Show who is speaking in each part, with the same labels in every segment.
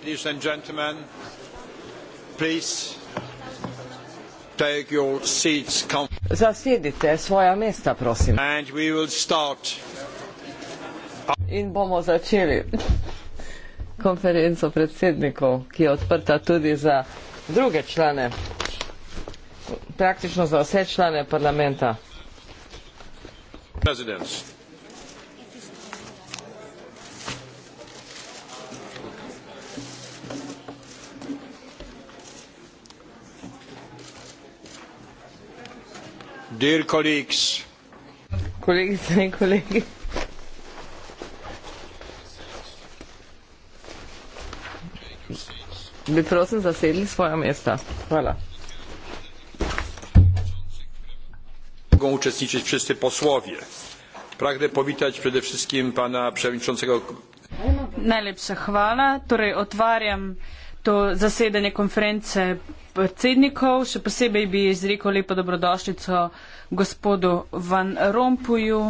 Speaker 1: ladies and gentlemen, please take your seats
Speaker 2: Zasedite svoja mesta, prosim.
Speaker 1: And we will start.
Speaker 2: In bomo začeli konferenco predsednikov, ki je odprta tudi za druge člane, praktično za vse člane parlamenta.
Speaker 1: Presidents. Dear colleagues.
Speaker 2: Kolegice in kolegi. Bi prosim zasedli svoja mesta. Hvala.
Speaker 1: Mogą uczestniczyć wszyscy posłowie. Pragnę powitać przede wszystkim pana przewodniczącego.
Speaker 3: Najlepsza chwała. Torej otwieram to zasiedanie konferencji predsednikov, še posebej bi izrekel lepo dobrodošljico gospodu Van Rompuju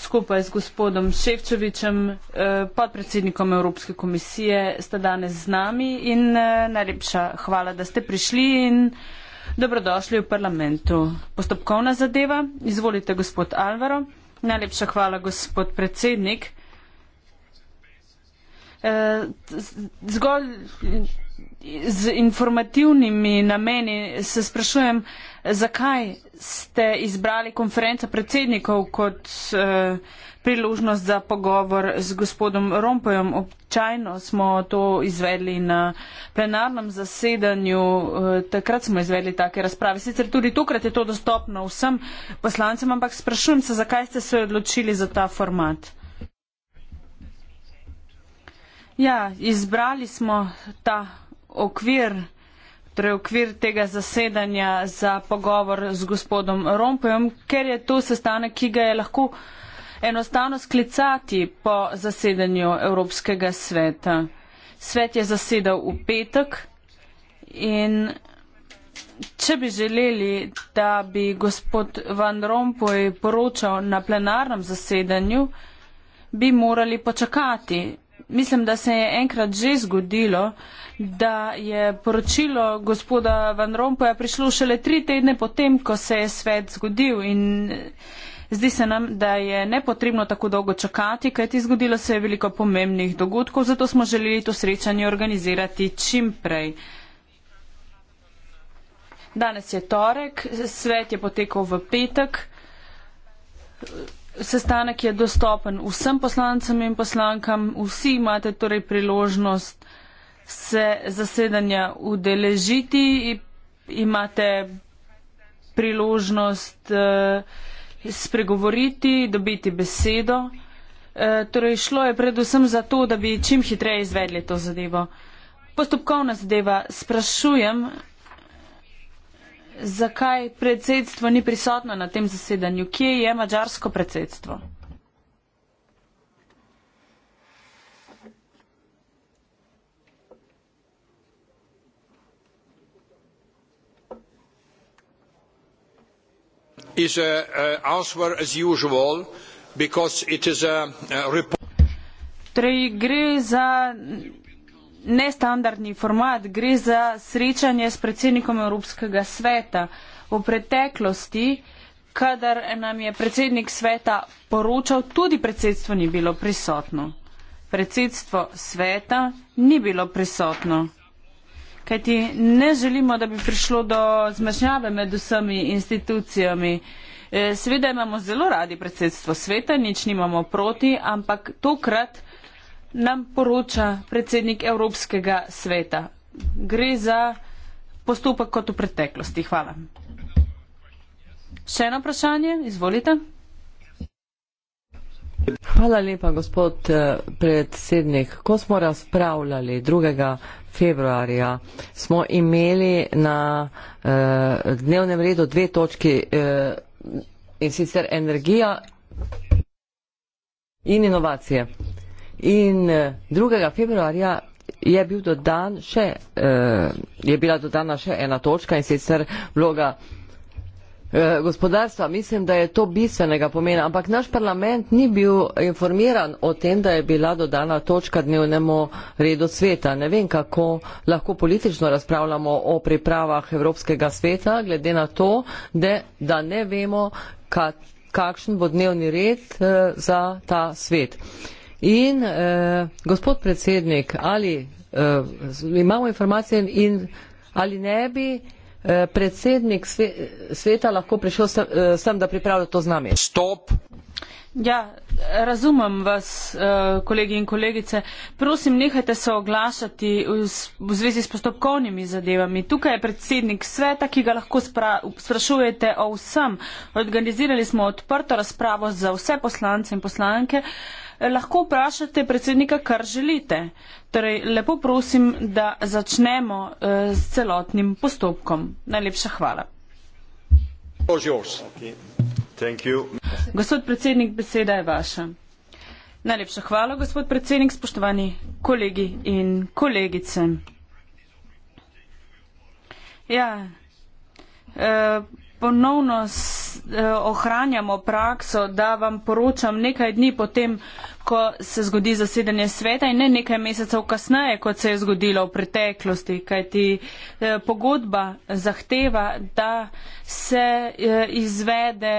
Speaker 3: skupaj z gospodom Ševčevičem, eh, podpredsednikom Evropske komisije, sta danes z nami in eh, najlepša hvala, da ste prišli in dobrodošli v parlamentu. Postopkovna zadeva, izvolite gospod Alvaro. Najlepša hvala, gospod predsednik. Eh, zgolj z informativnimi nameni, se sprašujem, zakaj ste izbrali konferenco predsednikov kot eh, priložnost za pogovor z gospodom Rompojem. Občajno smo to izvedli na plenarnem zasedanju, eh, takrat smo izvedli take razprave. Sicer tudi tokrat je to dostopno vsem poslancem, ampak sprašujem se, zakaj ste se odločili za ta format. Ja, izbrali smo ta okvir, torej okvir tega zasedanja za pogovor z gospodom Rompejem, ker je to sestanek, ki ga je lahko enostavno sklicati po zasedanju Evropskega sveta. Svet je zasedal v petek in če bi želeli, da bi gospod Van Rompuy poročal na plenarnem zasedanju, bi morali počakati mislim, da se je enkrat že zgodilo, da je poročilo gospoda Van Rompuja prišlo šele tri tedne potem, ko se je svet zgodil in eh, zdi se nam, da je nepotrebno tako dolgo čakati, kajti zgodilo se je veliko pomembnih dogodkov, zato smo želeli to srečanje organizirati čim prej. Danes je torek, svet je potekal v petek sestanek je dostopen vsem poslancem in poslankam, vsi imate torej priložnost se zasedanja udeležiti, imate priložnost uh, spregovoriti, dobiti besedo. Eh, torej, šlo je predvsem za to, da bi čim hitreje izvedli to zadevo. Postopkovna zadeva. Sprašujem, zakaj predsedstvo ni prisotno na tem zasedanju? Kje je mađarsko predsedstvo?
Speaker 1: Is a, a answer as usual because it is a, a report.
Speaker 3: Torej, gre za nestandardni format, gre za srečanje s predsednikom Evropskega sveta. V preteklosti, kadar nam je predsednik sveta poročal, tudi predsedstvo ni bilo prisotno. Predsedstvo sveta ni bilo prisotno. Kajti ne želimo, da bi prišlo do zmešnjave med vsemi institucijami. E, seveda imamo zelo radi predsedstvo sveta, nič nimamo proti, ampak tokrat nam poroča predsednik Evropskega sveta. Gre za postopek kot v preteklosti. Hvala. Še eno vprašanje? Izvolite.
Speaker 2: Hvala lepa, gospod eh, predsednik. Ko smo razpravljali 2. februarja, smo imeli na eh, dnevnem redu dve točki eh, in sicer energija in inovacije. In 2. Eh, februarja je, bil dodan še, eh, je bila dodana še ena točka in sicer vloga eh, gospodarstva. Mislim, da je to bistvenega pomena, ampak naš parlament ni bil informiran o tem, da je bila dodana točka dnevnemu redu sveta. Ne vem, kako lahko politično razpravljamo o pripravah Evropskega sveta, glede na to, de, da ne vemo, kakšen bo dnevni red za ta svet. Uh, In eh, gospod predsednik, ali eh, imamo informacije in ali ne bi eh, predsednik sve, sveta lahko prišel sem, eh, sem, da pripravlja to z nami? Stop.
Speaker 3: Ja, razumem vas, eh, kolegi in kolegice. Prosim, nehajte se oglašati v zvezi s postopkovnimi zadevami. Tukaj je predsednik sveta, ki ga lahko spra sprašujete o vsem. Organizirali smo odprto razpravo za vse poslance in poslanke. Uh, lahko vprašate predsednika, kar želite. Torej, lepo prosim, da začnemo eh, s celotnim postopkom. Najlepša hvala. Gospod predsednik, beseda je vaša. Najlepša hvala, gospod predsednik, spoštovani kolegi in kolegice. Ja, eh, ponovno eh, ohranjamo prakso, da vam poročam nekaj dni potem, ko se zgodi zasedanje sveta in ne nekaj mesecev kasneje, kot se je zgodilo v preteklosti, kajti eh, pogodba zahteva, da se eh, izvede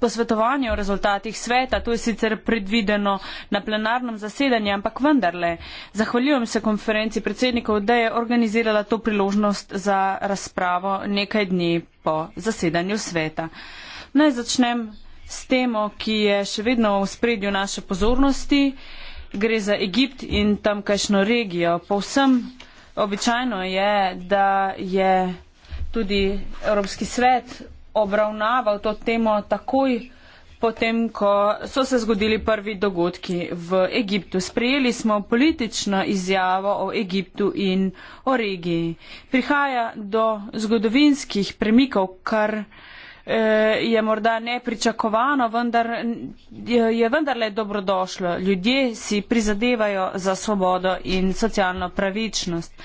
Speaker 3: posvetovanje o rezultatih sveta. To je sicer predvideno na plenarnem zasedanju, ampak vendarle. Zahvaljujem se konferenci predsednikov, da je organizirala to priložnost za razpravo nekaj dni po zasedanju sveta. Naj začnem s temo, ki je še vedno v spredju naše pozornosti. Gre za Egipt in tamkajšno regijo. Povsem običajno je, da je tudi Evropski svet obravnaval to temo takoj potem, ko so se zgodili prvi dogodki v Egiptu. Sprejeli smo politično izjavo o Egiptu in o regiji. Prihaja do zgodovinskih premikov, kar Eh, je morda nepričakovano, vendar je vendarle dobrodošlo. Ljudje si prizadevajo za svobodo in socialno pravičnost.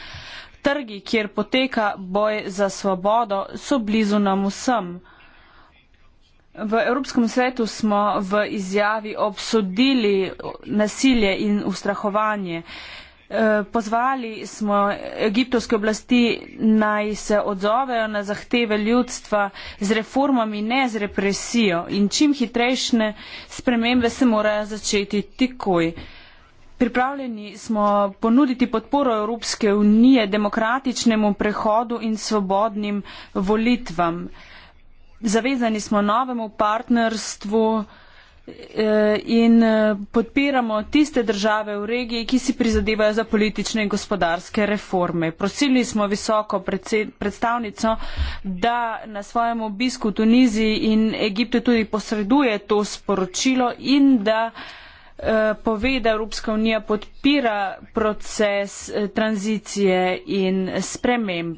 Speaker 3: Trgi, kjer poteka boj za svobodo, so blizu nam vsem. V Evropskem svetu smo v izjavi obsodili nasilje in ustrahovanje. Eh, pozvali smo egiptovske oblasti naj se odzovejo na zahteve ljudstva z reformami, ne z represijo in čim hitrejšne spremembe se morajo začeti takoj. Pripravljeni smo ponuditi podporo Evropske unije demokratičnemu prehodu in svobodnim volitvam. Zavezani smo novemu partnerstvu. Eh, in eh, podpiramo tiste države v regiji, ki si prizadevajo za politične in gospodarske reforme. Prosili smo visoko predstavnico, da na svojem obisku v Tuniziji in Egiptu tudi posreduje to sporočilo in da eh, pove, da Evropska unija podpira proces tranzicije in sprememb.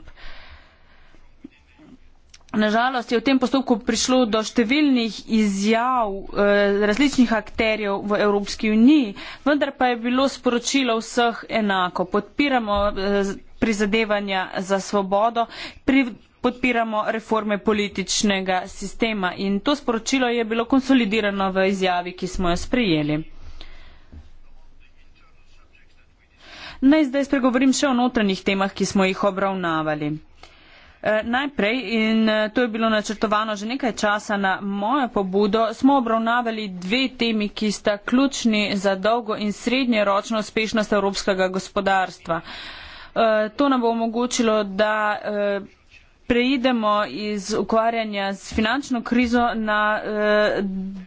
Speaker 3: Nažalost je v tem postopku prišlo do številnih izjav eh, različnih akterjev v Evropski uniji, vendar pa je bilo sporočilo vseh enako. Podpiramo eh, prizadevanja za svobodo, pri, podpiramo reforme političnega sistema in to sporočilo je bilo konsolidirano v izjavi, ki smo jo sprejeli. Naj zdaj spregovorim še o notranjih temah, ki smo jih obravnavali. Eh, najprej, in eh, to je bilo načrtovano že nekaj časa na mojo pobudo, smo obravnavali dve temi, ki sta ključni za dolgo in srednjeročno uspešnost evropskega gospodarstva. Eh, to nam bo omogočilo, da preidemo iz ukvarjanja s finančno krizo na eh,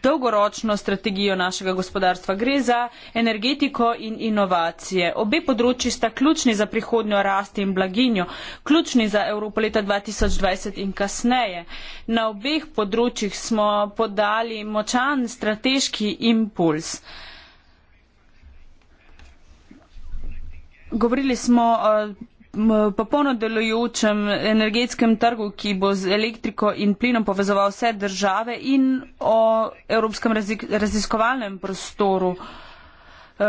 Speaker 3: dolgoročno strategijo našega gospodarstva. Gre za energetiko in inovacije. Obe področji sta ključni za prihodnjo rast in blaginjo, ključni za Evropo leta 2020 in kasneje. Na obeh področjih smo podali močan strateški impuls. Govorili smo eh, popolno delujočem energetskem trgu, ki bo z elektriko in plinom povezoval vse države in o evropskem raziskovalnem prostoru. Eh,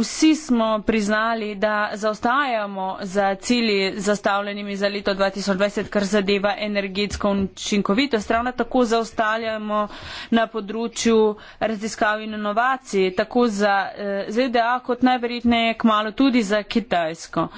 Speaker 3: vsi smo priznali, da zaostajamo za cilji zastavljenimi za leto 2020, kar zadeva energetsko učinkovitost. Ravno tako zaostajamo na področju raziskav in inovacij, tako za eh, ZDA kot najverjetneje kmalo tudi za Kitajsko.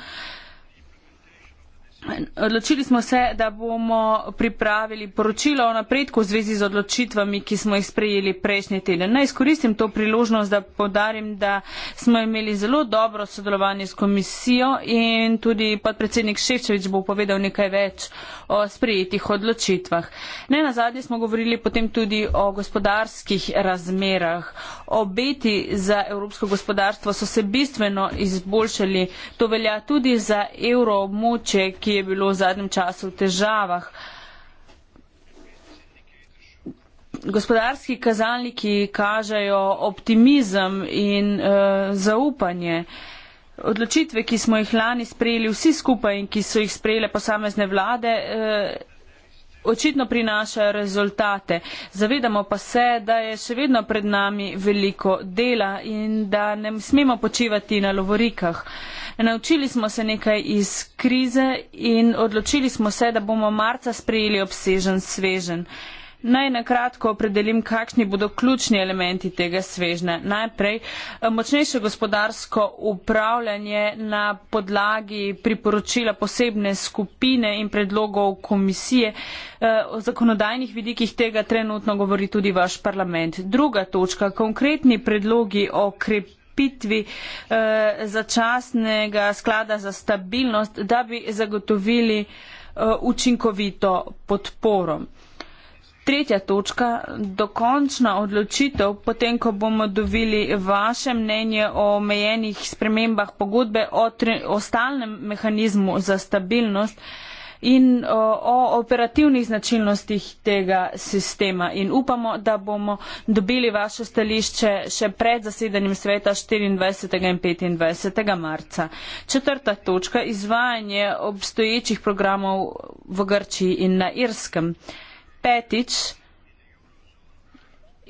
Speaker 3: Odločili smo se, da bomo pripravili poročilo o napredku v zvezi z odločitvami, ki smo jih sprejeli prejšnji teden. Naj izkoristim to priložnost, da podarim, da smo imeli zelo dobro sodelovanje s komisijo in tudi podpredsednik Ševčevič bo povedal nekaj več o sprejetih odločitvah. Ne na zadnje smo govorili potem tudi o gospodarskih razmerah. Obeti za evropsko gospodarstvo so se bistveno izboljšali. To velja tudi za evroobmoče, ki ki je bilo v zadnjem času v težavah. Gospodarski kazalniki kažejo optimizem in e, zaupanje. Odločitve, ki smo jih lani sprejeli vsi skupaj in ki so jih sprejele posamezne vlade, e, očitno prinaša rezultate. Zavedamo pa se, da je še vedno pred nami veliko dela in da ne smemo počivati na lovorikah. Naučili smo se nekaj iz krize in odločili smo se, da bomo marca sprejeli obsežen sveženj. Naj na kratko opredelim, kakšni bodo ključni elementi tega svežna. Najprej eh, močnejše gospodarsko upravljanje na podlagi priporočila posebne skupine in predlogov komisije. Eh, o zakonodajnih vidikih tega trenutno govori tudi vaš parlament. Druga točka, konkretni predlogi o krepitvi pitvi eh, začasnega sklada za stabilnost, da bi zagotovili eh, učinkovito podporo. Tretja točka, dokončna odločitev, potem, ko bomo dobili vaše mnenje o omejenih spremembah pogodbe, o ostalnem mehanizmu za stabilnost in o, o operativnih značilnostih tega sistema. In upamo, da bomo dobili vaše stališče še pred zasedanjem sveta 24. in 25. marca. Četrta točka, izvajanje obstoječih programov v Grčiji in na Irskem petič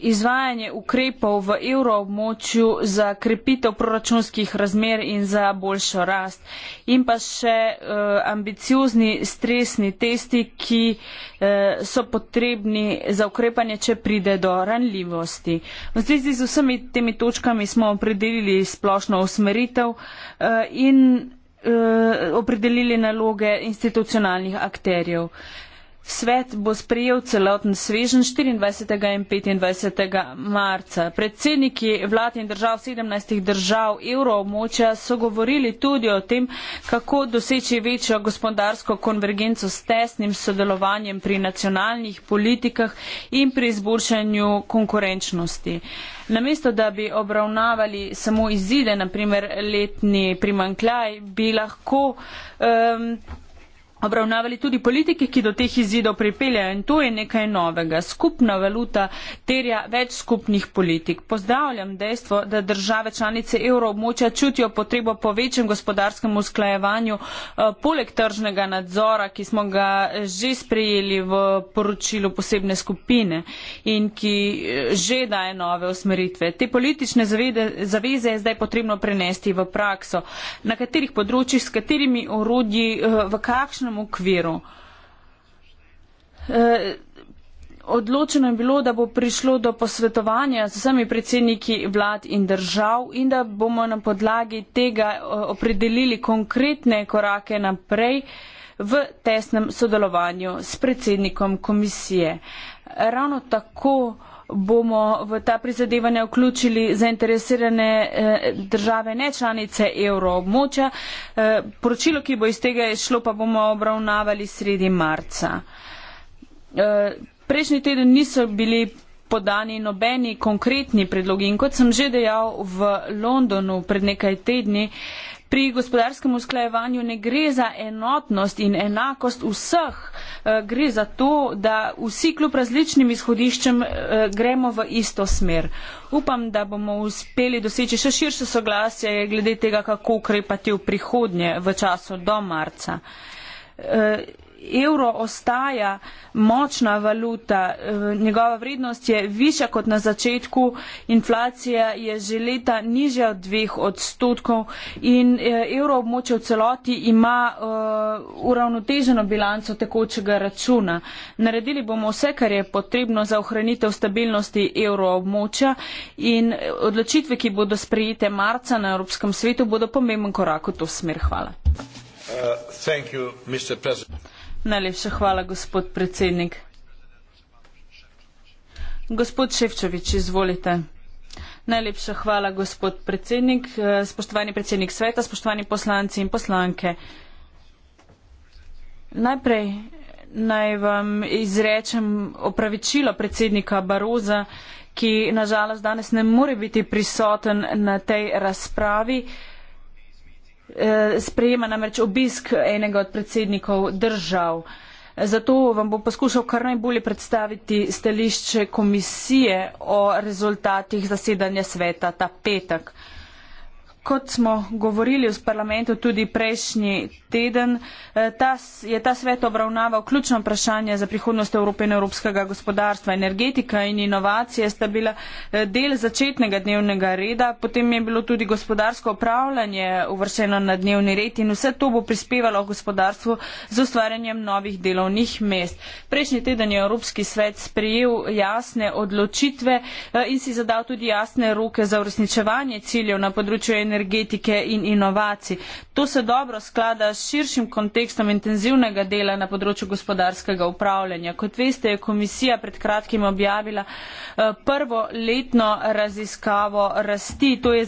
Speaker 3: izvajanje ukrepov v evroobmočju za krepitev proračunskih razmer in za boljšo rast. In pa še uh, ambiciozni stresni testi, ki uh, so potrebni za ukrepanje, če pride do ranljivosti. V zvezi z vsemi temi točkami smo opredelili splošno usmeritev uh, in uh, opredelili naloge institucionalnih akterjev. Uh, Svet bo sprejel celoten svežen 24. in 25. marca. Predsedniki vlad in držav 17 držav evroobmočja so govorili tudi o tem, kako doseči večjo gospodarsko konvergenco s tesnim sodelovanjem pri nacionalnih politikah in pri izboljšanju konkurenčnosti. Namesto, da bi obravnavali samo izide, naprimer letni primankljaj, bi lahko um, obravnavali tudi politike, ki do teh izidov pripeljajo in to je nekaj novega. Skupna valuta terja več skupnih politik. Pozdravljam dejstvo, da države članice evroobmočja čutijo potrebo po večjem gospodarskem usklajevanju eh, poleg tržnega nadzora, ki smo ga eh, že sprejeli v poročilu posebne skupine in ki eh, že daje nove usmeritve. Te politične zavede, zaveze je zdaj potrebno prenesti v prakso. Na katerih področjih, s katerimi orodji, v kakšnem določenem okviru. Eh, odločeno je bilo, da bo prišlo do posvetovanja z vsemi predsedniki vlad in držav in da bomo na podlagi tega eh, opredelili konkretne korake naprej v tesnem sodelovanju s predsednikom komisije. Ravno tako bomo v ta prizadevanja vključili zainteresirane eh, države nečlanice evroobmoča. Eh, poročilo, ki bo iz tega šlo, pa bomo obravnavali sredi marca. Eh, prejšnji teden niso bili podani nobeni konkretni predlogi in kot sem že dejal v Londonu pred nekaj tedni, pri gospodarskem usklajevanju ne gre za enotnost in enakost vseh, eh, gre za to, da vsi kljub različnim izhodiščem eh, gremo v isto smer. Upam, da bomo uspeli doseči še širše soglasje glede tega, kako ukrepati v prihodnje v času do marca. Eh, evro ostaja močna valuta, njegova vrednost je višja kot na začetku, inflacija je že leta nižja od dveh odstotkov in eh, evro območje v celoti ima eh, uravnoteženo bilanco tekočega računa. Naredili bomo vse, kar je potrebno za ohranitev stabilnosti evro območja in eh, odločitve, ki bodo sprejete marca na Evropskem svetu, bodo pomemben korak v to smer. Hvala.
Speaker 1: Uh, thank you, Mr. President.
Speaker 3: Najlepša hvala, gospod predsednik. Gospod Ševčevič, izvolite. Najlepša hvala, gospod predsednik, eh, spoštovani predsednik sveta, spoštovani poslanci in poslanke. Najprej naj vam izrečem opravičilo predsednika Baroza, ki nažalost danes ne more biti prisoten na tej razpravi. Uh, Eh, sprejema namreč obisk enega od predsednikov držav. Zato vam bo poskušal kar najbolje predstaviti stališče komisije o rezultatih zasedanja sveta ta petek. Kot smo govorili v parlamentu tudi prejšnji teden, eh, ta, je ta svet obravnaval ključno vprašanje za prihodnost Evrope in evropskega gospodarstva. Energetika in inovacije sta bila eh, del začetnega dnevnega reda, potem je bilo tudi gospodarsko upravljanje uvršeno na dnevni red in vse to bo prispevalo gospodarstvu z ustvarjanjem novih delovnih mest. Prejšnji teden je Evropski svet sprejel jasne odločitve eh, in si zadal tudi jasne roke za uresničevanje ciljev na področju energetike energetike in inovacij. To se dobro sklada s širšim kontekstom intenzivnega dela na področju gospodarskega upravljanja. Kot veste, je komisija pred kratkim objavila eh, prvo letno raziskavo rasti, to je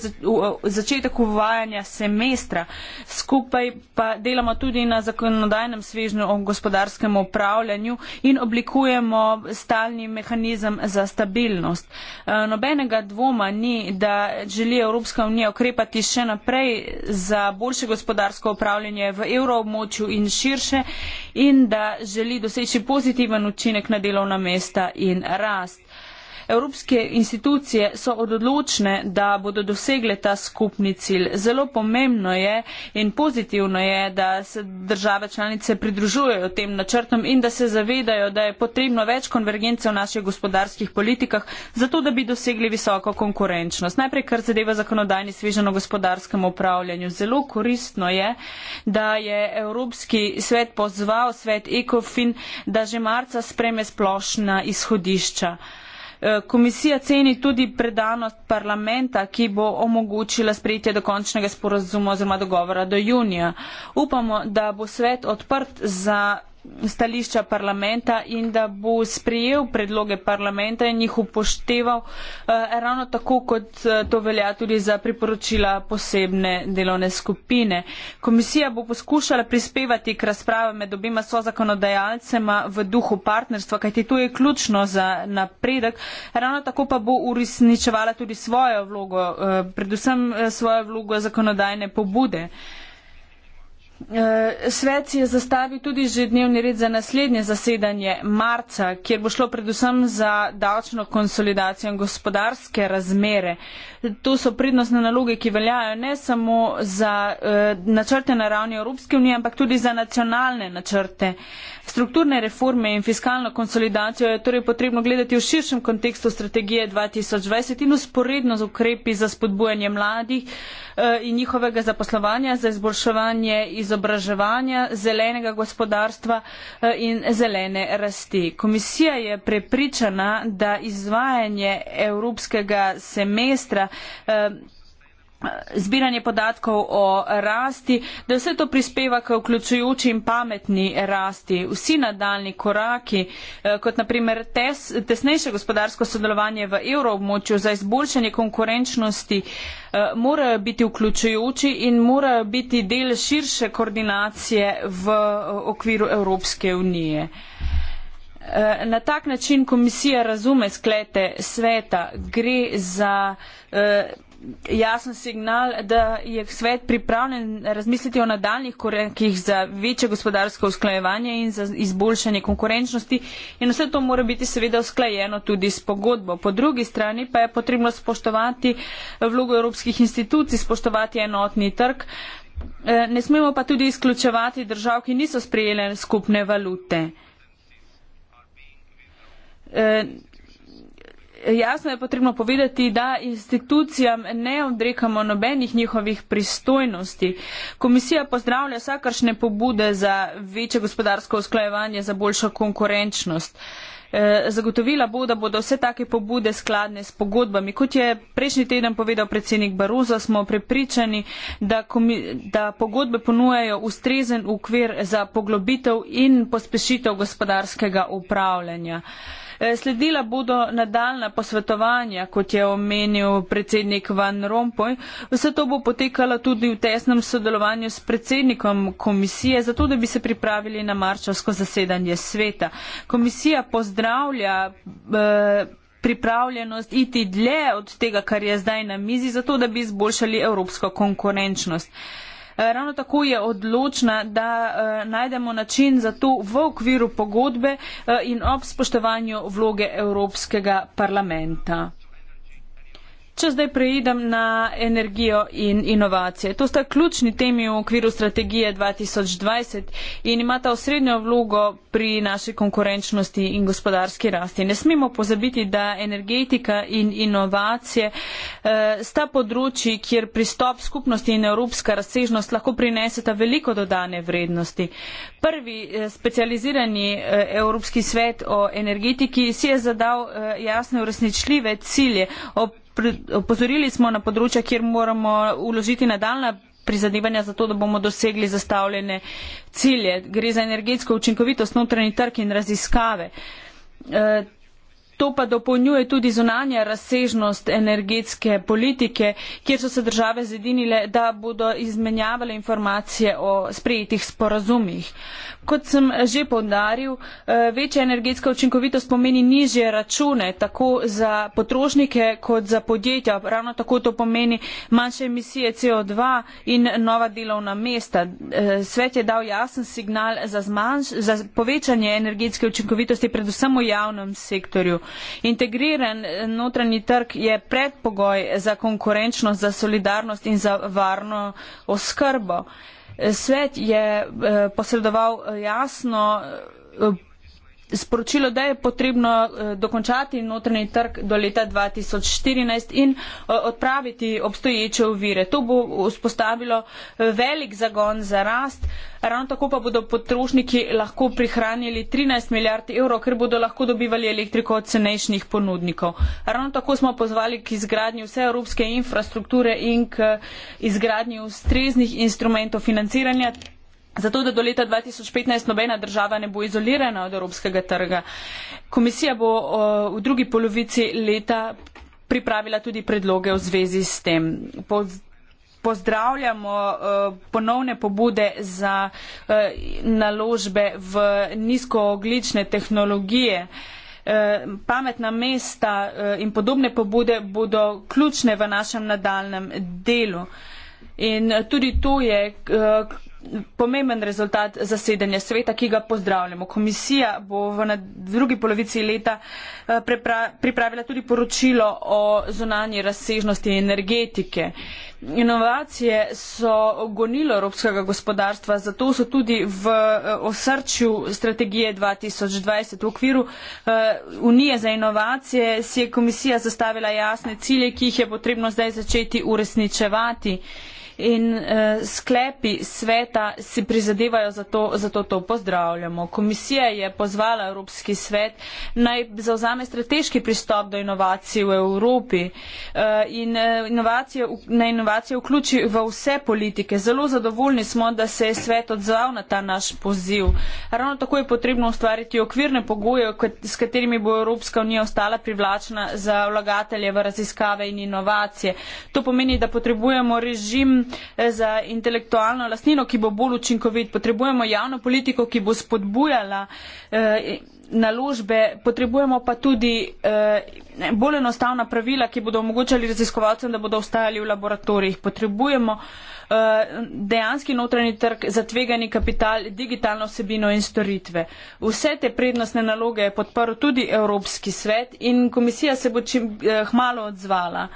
Speaker 3: začetek uvajanja semestra. Skupaj pa delamo tudi na zakonodajnem svežnju o gospodarskem upravljanju in oblikujemo stalni mehanizem za stabilnost. Eh, nobenega dvoma ni, da želi Evropska unija ukrepati projekti še naprej za boljše gospodarsko upravljanje v evroobmočju in širše in da želi doseči pozitiven učinek na delovna mesta in rast. Evropske institucije so odločne, da bodo dosegle ta skupni cilj. Zelo pomembno je in pozitivno je, da se države članice pridružujejo tem načrtom in da se zavedajo, da je potrebno več konvergence v naših gospodarskih politikah, zato da bi dosegli visoko konkurenčnost. Najprej, kar zadeva zakonodajni sveženo gospodarskem upravljanju. Zelo koristno je, da je Evropski svet pozval svet ECOFIN, da že marca spreme splošna izhodišča. Eh, komisija ceni tudi predanost parlamenta, ki bo omogočila sprejetje dokončnega sporazuma oziroma dogovora do junija. Upamo, da bo svet odprt za stališča parlamenta in da bo sprejel predloge parlamenta in jih upošteval eh, ravno tako, kot eh, to velja tudi za priporočila posebne delovne skupine. Komisija bo poskušala prispevati k razprave med obima sozakonodajalcema v duhu partnerstva, kajti to je ključno za napredek, ravno tako pa bo uresničevala tudi svojo vlogo, eh, predvsem eh, svojo vlogo zakonodajne pobude. Eh, Eh, svet je zastavil tudi že dnevni red za naslednje zasedanje marca, kjer bo šlo predvsem za davčno konsolidacijo in gospodarske razmere. To so prednostne naloge, ki veljajo ne samo za eh, načrte na ravni Evropske unije, ampak tudi za nacionalne načrte. Strukturne reforme in fiskalno konsolidacijo je torej potrebno gledati v širšem kontekstu strategije 2020 in usporedno z ukrepi za spodbujanje mladih eh, in njihovega zaposlovanja za izboljševanje izobraževanja izobraževanja, zelenega gospodarstva eh, in zelene rasti. Komisija je prepričana, da izvajanje evropskega semestra eh, zbiranje podatkov o rasti, da vse to prispeva k vključujoči in pametni rasti. Vsi nadaljni koraki, eh, kot naprimer tes, tesnejše gospodarsko sodelovanje v evroobmočju za izboljšanje konkurenčnosti, eh, morajo biti vključujoči in morajo biti del širše koordinacije v eh, okviru Evropske unije. Na tak način komisija razume sklete sveta. Gre za jasen signal, da je svet pripravljen razmisliti o nadaljnih korekih za večje gospodarsko usklajevanje in za izboljšanje konkurenčnosti in vse to mora biti seveda usklajeno tudi s pogodbo. Po drugi strani pa je potrebno spoštovati vlogo evropskih institucij, spoštovati enotni trg. Eh, ne smemo pa tudi izključevati držav, ki niso sprejele skupne valute. Eh, jasno je potrebno povedati, da institucijam ne odrekamo nobenih njihovih pristojnosti. Komisija pozdravlja vsakršne pobude za večje gospodarsko usklajevanje, za boljšo konkurenčnost. E, zagotovila bo, da bodo vse take pobude skladne s pogodbami. Kot je prejšnji teden povedal predsednik Baruza, smo prepričani, da, komi, da pogodbe ponujajo ustrezen ukvir za poglobitev in pospešitev gospodarskega upravljanja. Uh, Eh, sledila bodo nadaljna posvetovanja, kot je omenil predsednik Van Rompuy. Vse to bo potekalo tudi v tesnem sodelovanju s predsednikom komisije, zato da bi se pripravili na marčovsko zasedanje sveta. Komisija pozdravlja. Eh, pripravljenost iti dlje od tega, kar je zdaj na mizi, zato da bi izboljšali evropsko konkurenčnost. Eh, ravno tako je odločna, da eh, najdemo način za to v okviru pogodbe eh, in ob spoštovanju vloge Evropskega parlamenta. Če zdaj preidem na energijo in inovacije. To sta ključni temi v okviru strategije 2020 in imata osrednjo vlogo pri naši konkurenčnosti in gospodarski rasti. Ne smemo pozabiti, da energetika in inovacije eh, sta področji, kjer pristop skupnosti in evropska razsežnost lahko prineseta veliko dodane vrednosti. Prvi eh, specializirani eh, Evropski svet o energetiki si je zadal eh, jasne uresničljive cilje opozorili smo na področja, kjer moramo uložiti nadaljna prizadevanja za to, da bomo dosegli zastavljene cilje. Gre za energetsko učinkovitost, notranji trg in raziskave. Eh, To pa dopolnjuje tudi zunanja razsežnost energetske politike, kjer so se države zedinile, da bodo izmenjavale informacije o sprejetih sporazumih. Kot sem že povdaril, eh, večja energetska učinkovitost pomeni nižje račune tako za potrošnike kot za podjetja. Ravno tako to pomeni manjše emisije CO2 in nova delovna mesta. Eh, svet je dal jasen signal za, zmanjš, za povečanje energetske učinkovitosti predvsem v javnem sektorju. Integriran eh, notranji trg je predpogoj za konkurenčnost, za solidarnost in za varno oskrbo. Eh, svet je eh, posredoval jasno sporočilo, da je potrebno eh, dokončati notrni trg do leta 2014 in eh, odpraviti obstoječe uvire. To bo vzpostavilo eh, velik zagon za rast, ravno tako pa bodo potrošniki lahko prihranili 13 milijard evrov, ker bodo lahko dobivali elektriko od cenejšnjih ponudnikov. Ravno tako smo pozvali k izgradnji vse evropske infrastrukture in k izgradnji ustreznih instrumentov financiranja Zato, da do leta 2015 nobena država ne bo izolirana od evropskega trga. Komisija bo o, v drugi polovici leta pripravila tudi predloge v zvezi s tem. Po, pozdravljamo o, ponovne pobude za o, naložbe v nizkooglične tehnologije. Pametna mesta in podobne pobude bodo ključne v našem nadaljem delu. In tudi to je pomemben rezultat zasedanja sveta, ki ga pozdravljamo. Komisija bo v drugi polovici leta eh, pripravila tudi poročilo o zunanji razsežnosti energetike. Inovacije so gonilo evropskega gospodarstva, zato so tudi v eh, osrčju strategije 2020 v okviru eh, Unije za inovacije si je komisija zastavila jasne cilje, ki jih je potrebno zdaj začeti uresničevati in uh, sklepi sveta si prizadevajo za to, zato to pozdravljamo. Komisija je pozvala Evropski svet naj zauzame strateški pristop do inovacij v Evropi uh, in uh, naj inovacije vključi v vse politike. Zelo zadovoljni smo, da se je svet odzval na ta naš poziv. Ravno tako je potrebno ustvariti okvirne pogoje, s katerimi bo Evropska unija ostala privlačna za vlagatelje v raziskave in inovacije. To pomeni, da potrebujemo režim za intelektualno lastnino, ki bo bolj učinkovit. Potrebujemo javno politiko, ki bo spodbujala eh, naložbe, potrebujemo pa tudi eh, bolj enostavna pravila, ki bodo omogočali raziskovalcem, da bodo ostajali v laboratorijih. Potrebujemo eh, dejanski notranji trg, zatvegani kapital, digitalno vsebino in storitve. Vse te prednostne naloge je podprl tudi Evropski svet in komisija se bo čim hmalo odzvala.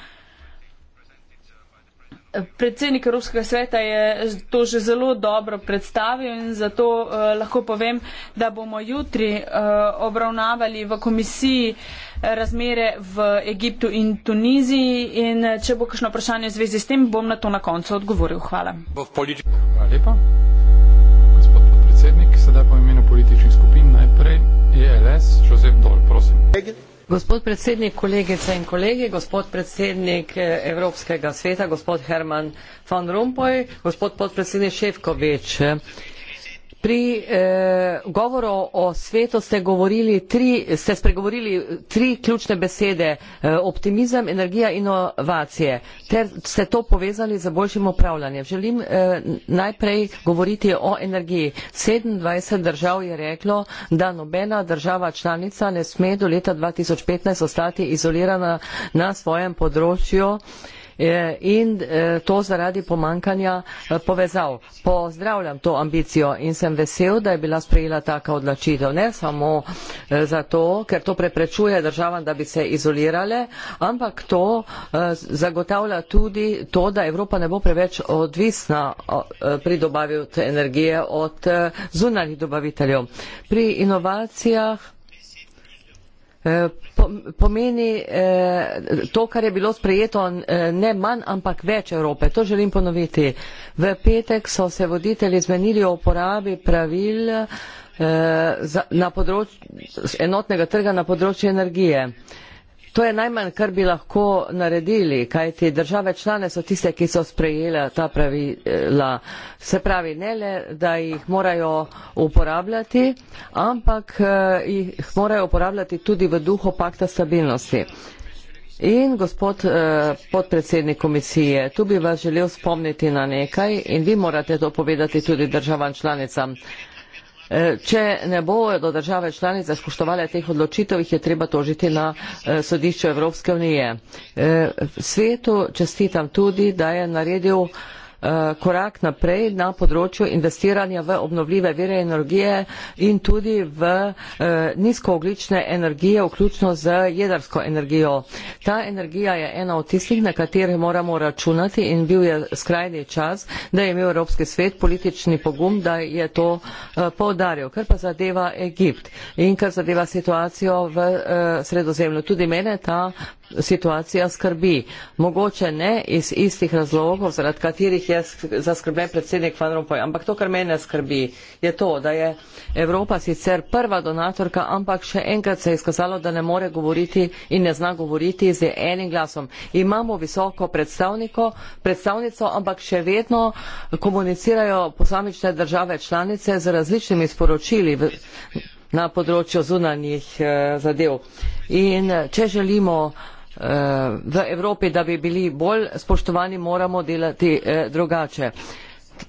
Speaker 3: Predsednik Evropskega sveta je to že zelo dobro predstavil in zato eh, lahko povem, da bomo jutri eh, obravnavali v komisiji eh, razmere v Egiptu in Tuniziji in eh, če bo kakšno vprašanje v zvezi s tem, bom na to na koncu odgovoril. Hvala.
Speaker 1: Hvala lepa. Gospod podpredsednik, sedaj po imenu političnih skupin najprej ELS, Josep Dol, prosim.
Speaker 2: Egipt. Gospod predsednik, kolegice in kolegi, gospod predsednik eh, Evropskega sveta, gospod Herman van Rompuy, gospod podpredsednik Šefkovič. Eh, pri eh, govoru o svetu ste, tri, ste spregovorili tri ključne besede eh, optimizem, energija in inovacije ter ste to povezali z boljšim upravljanjem. Želim eh, najprej govoriti o energiji. 27 držav je reklo, da nobena država članica ne sme do leta 2015 ostati izolirana na svojem področju eh, Eh, in eh, to zaradi pomankanja eh, povezav. Pozdravljam to ambicijo in sem vesel, da je bila sprejela taka odločitev. Ne samo zato, ker to preprečuje državam, da bi se izolirale, ampak to zagotavlja tudi to, da Evropa ne bo preveč odvisna pri dobavi energije od zunanjih dobaviteljev. Pri inovacijah Eh, pomeni eh, to, kar je bilo sprejeto, eh, ne manj, ampak več Evrope. To želim ponoviti. V petek so se voditelji zmenili o uporabi pravil na področju enotnega trga na področju energije. To je najmanj, kar bi lahko naredili, kajti države člane so tiste, ki so sprejela ta pravila. Se pravi, ne le, da jih morajo uporabljati, ampak eh, jih morajo uporabljati tudi v duhu pakta stabilnosti. In gospod eh, podpredsednik komisije, tu bi vas želel spomniti na nekaj in vi morate to povedati tudi državam članicam. Eh, če ne bodo države članice spoštovale teh odločitev, jih je treba tožiti na eh, sodišče Evropske unije. Eh, svetu čestitam tudi, da je naredil Eh, korak naprej na področju investiranja v obnovljive vire energije in tudi v eh, nizkooglične energije, vključno z jedrsko energijo. Ta energija je ena od tistih, na katere moramo računati in bil je skrajni čas, da je imel Evropski svet politični pogum, da je to eh, poudaril. Kar pa zadeva Egipt in kar zadeva situacijo v sredozemlju. Tudi mene ta situacija skrbi. Mogoče ne iz istih razlogov, zaradi katerih je zaskrbljen predsednik Van Rompuy, ampak to, kar mene skrbi, je to, da je Evropa sicer prva donatorka, ampak še enkrat se je izkazalo, da ne more govoriti in ne zna govoriti z enim glasom. Imamo visoko predstavnico, ampak še vedno komunicirajo posamične države članice z različnimi sporočili v, na področju zunanjih eh, zadev. In eh, če želimo v Evropi, da bi bili bolj spoštovani, moramo delati eh, drugače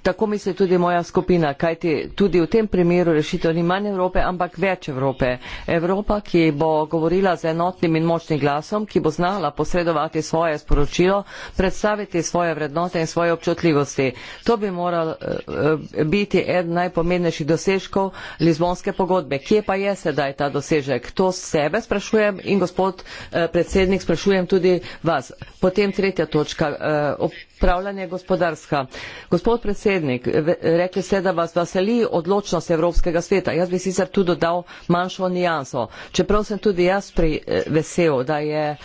Speaker 2: tako misli tudi moja skupina, kajti tudi v tem primeru rešitev ni manj Evrope, ampak več Evrope. Evropa, ki bo govorila z enotnim in močnim glasom, ki bo znala posredovati svoje sporočilo, predstaviti svoje vrednote in svoje občutljivosti. To bi moral eh, biti eden najpomembnejših dosežkov Lizbonske pogodbe. Kje pa je sedaj ta dosežek? To sebe sprašujem in gospod eh, predsednik sprašujem tudi vas. Potem tretja točka. Eh, upravljanje gospodarska. Gospod predsednik, rekli ste, da vas veseli odločnost Evropskega sveta. Jaz bi sicer tu dodal manjšo nijanso. Čeprav sem tudi jaz pri eh, vesel, da je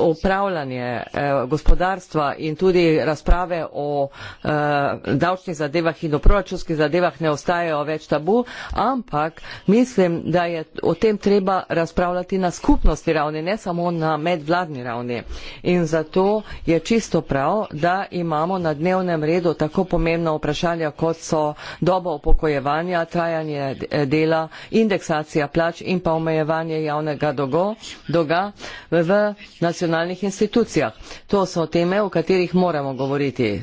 Speaker 2: upravljanje eh, gospodarstva in tudi razprave o eh, davčnih zadevah in o proračunskih zadevah ne ostajajo več tabu, ampak mislim, da je o tem treba razpravljati na skupnosti ravni, ne samo na medvladni ravni. In zato je čisto prav, da da imamo na dnevnem redu tako pomembna vprašanja, kot so doba upokojevanja, trajanje eh, dela, indeksacija plač in pa omejevanje javnega dolgo, dolga v, v nacionalnih institucijah. To so teme, o katerih moramo govoriti.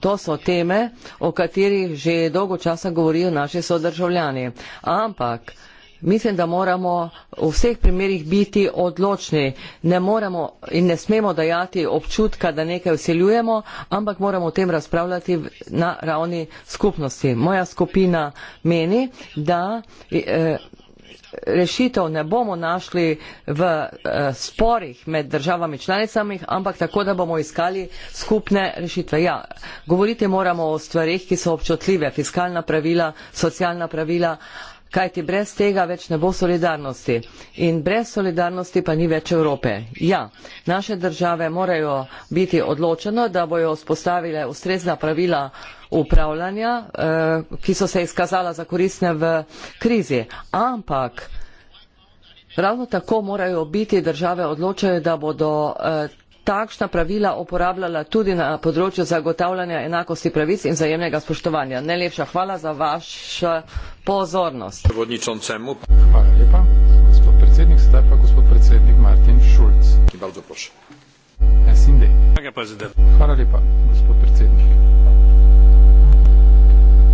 Speaker 2: To so teme, o katerih že dolgo časa govorijo naši sodržavljani. Ampak mislim da moramo v vseh primerih biti odločni ne moremo in ne smemo dajati občutka da nekaj vseljujemo ampak moramo o tem razpravljati na ravni skupnosti moja skupina meni da eh, rešitev ne bomo našli v eh, sporih med državami članicami ampak tako da bomo iskali skupne rešitve ja govoriti moramo o stvarih ki so občutljive fiskalna pravila socialna pravila kajti brez tega več ne bo solidarnosti. In brez solidarnosti pa ni več Evrope. Ja, naše države morajo biti odločene, da bojo vzpostavile ustrezna pravila upravljanja, eh, ki so se izkazala za koristne v krizi. Ampak ravno tako morajo biti države odločene, da bodo eh, takšna pravila uporabljala tudi na področju zagotavljanja enakosti pravic in vzajemnega spoštovanja. Najlepša hvala za vaš pozornost.
Speaker 1: Hvala lepa. Gospod predsednik, sedaj pa gospod predsednik Martin Šulc. Hvala lepa, gospod predsednik.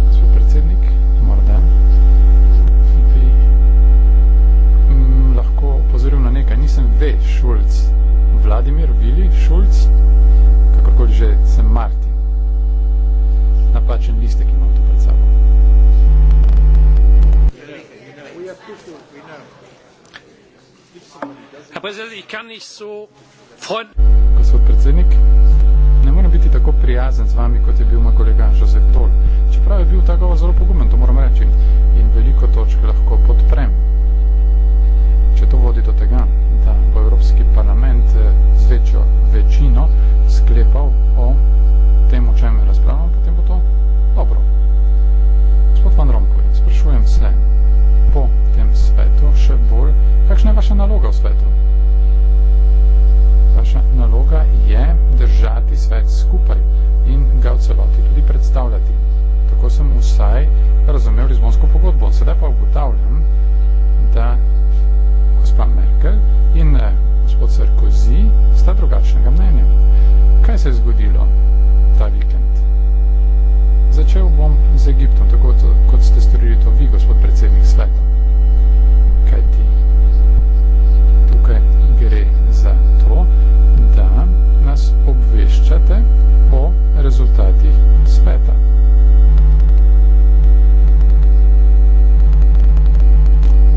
Speaker 1: Gospod predsednik, morda bi mm, lahko opozoril na nekaj. Nisem ve, Šulc, Vladimir, Vili, Šulc, kakorkoli že sem Martin. Napačen listek imam tu pred sabo. Gospod predsednik, ne morem biti tako prijazen z vami, kot je bil moj kolega Jozef Tol. Čeprav je bil ta govor zelo pogumen, to moram reči, in veliko točk lahko podprem. Če to vodi do tega, Evropski parlament eh, z večjo večino sklepal o tem, o čem razpravljamo, potem bo to dobro. Gospod Van Rompuy, sprašujem se po tem svetu še bolj, kakšna je vaša naloga v svetu? Vaša naloga je držati svet skupaj in ga v celoti tudi predstavljati. Tako sem vsaj razumel Lizbonsko pogodbo. Sedaj pa ugotavljam, da gospa Merkel in eh, gospod Sarkozy sta drugačnega mnenja. Kaj se je zgodilo ta vikend? Začel bom z Egiptom, tako kot ste storili to vi, gospod predsednik sveta. Kaj ti? Tukaj gre za to, da nas obveščate o rezultatih sveta.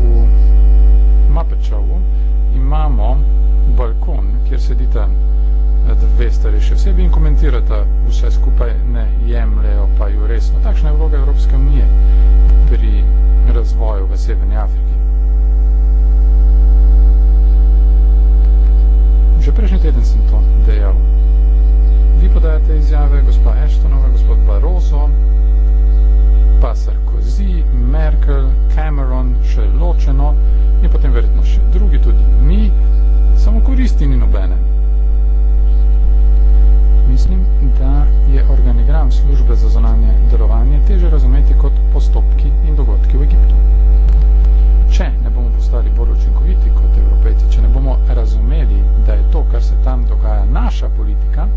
Speaker 1: V Mapečovu imamo balkon, kjer sedita eh, dve starejši osebi in komentirata vse skupaj, ne jemljajo pa ju resno. Takšna je vloga Evropske unije pri razvoju v Severni Afriki. Že prejšnji teden sem to dejal. Vi podajate izjave, gospod Eštonova, gospod Barozo, pa Sarkozy, Merkel, Cameron še ločeno in potem verjetno še drugi, tudi mi, samo koristi ni nobene. Mislim, da je organigram službe za zonanje delovanje teže razumeti kot postopki in dogodki v Egiptu. Če ne bomo postali bolj učinkoviti kot evropejci, če ne bomo razumeli, da je to, kar se tam dogaja, naša politika,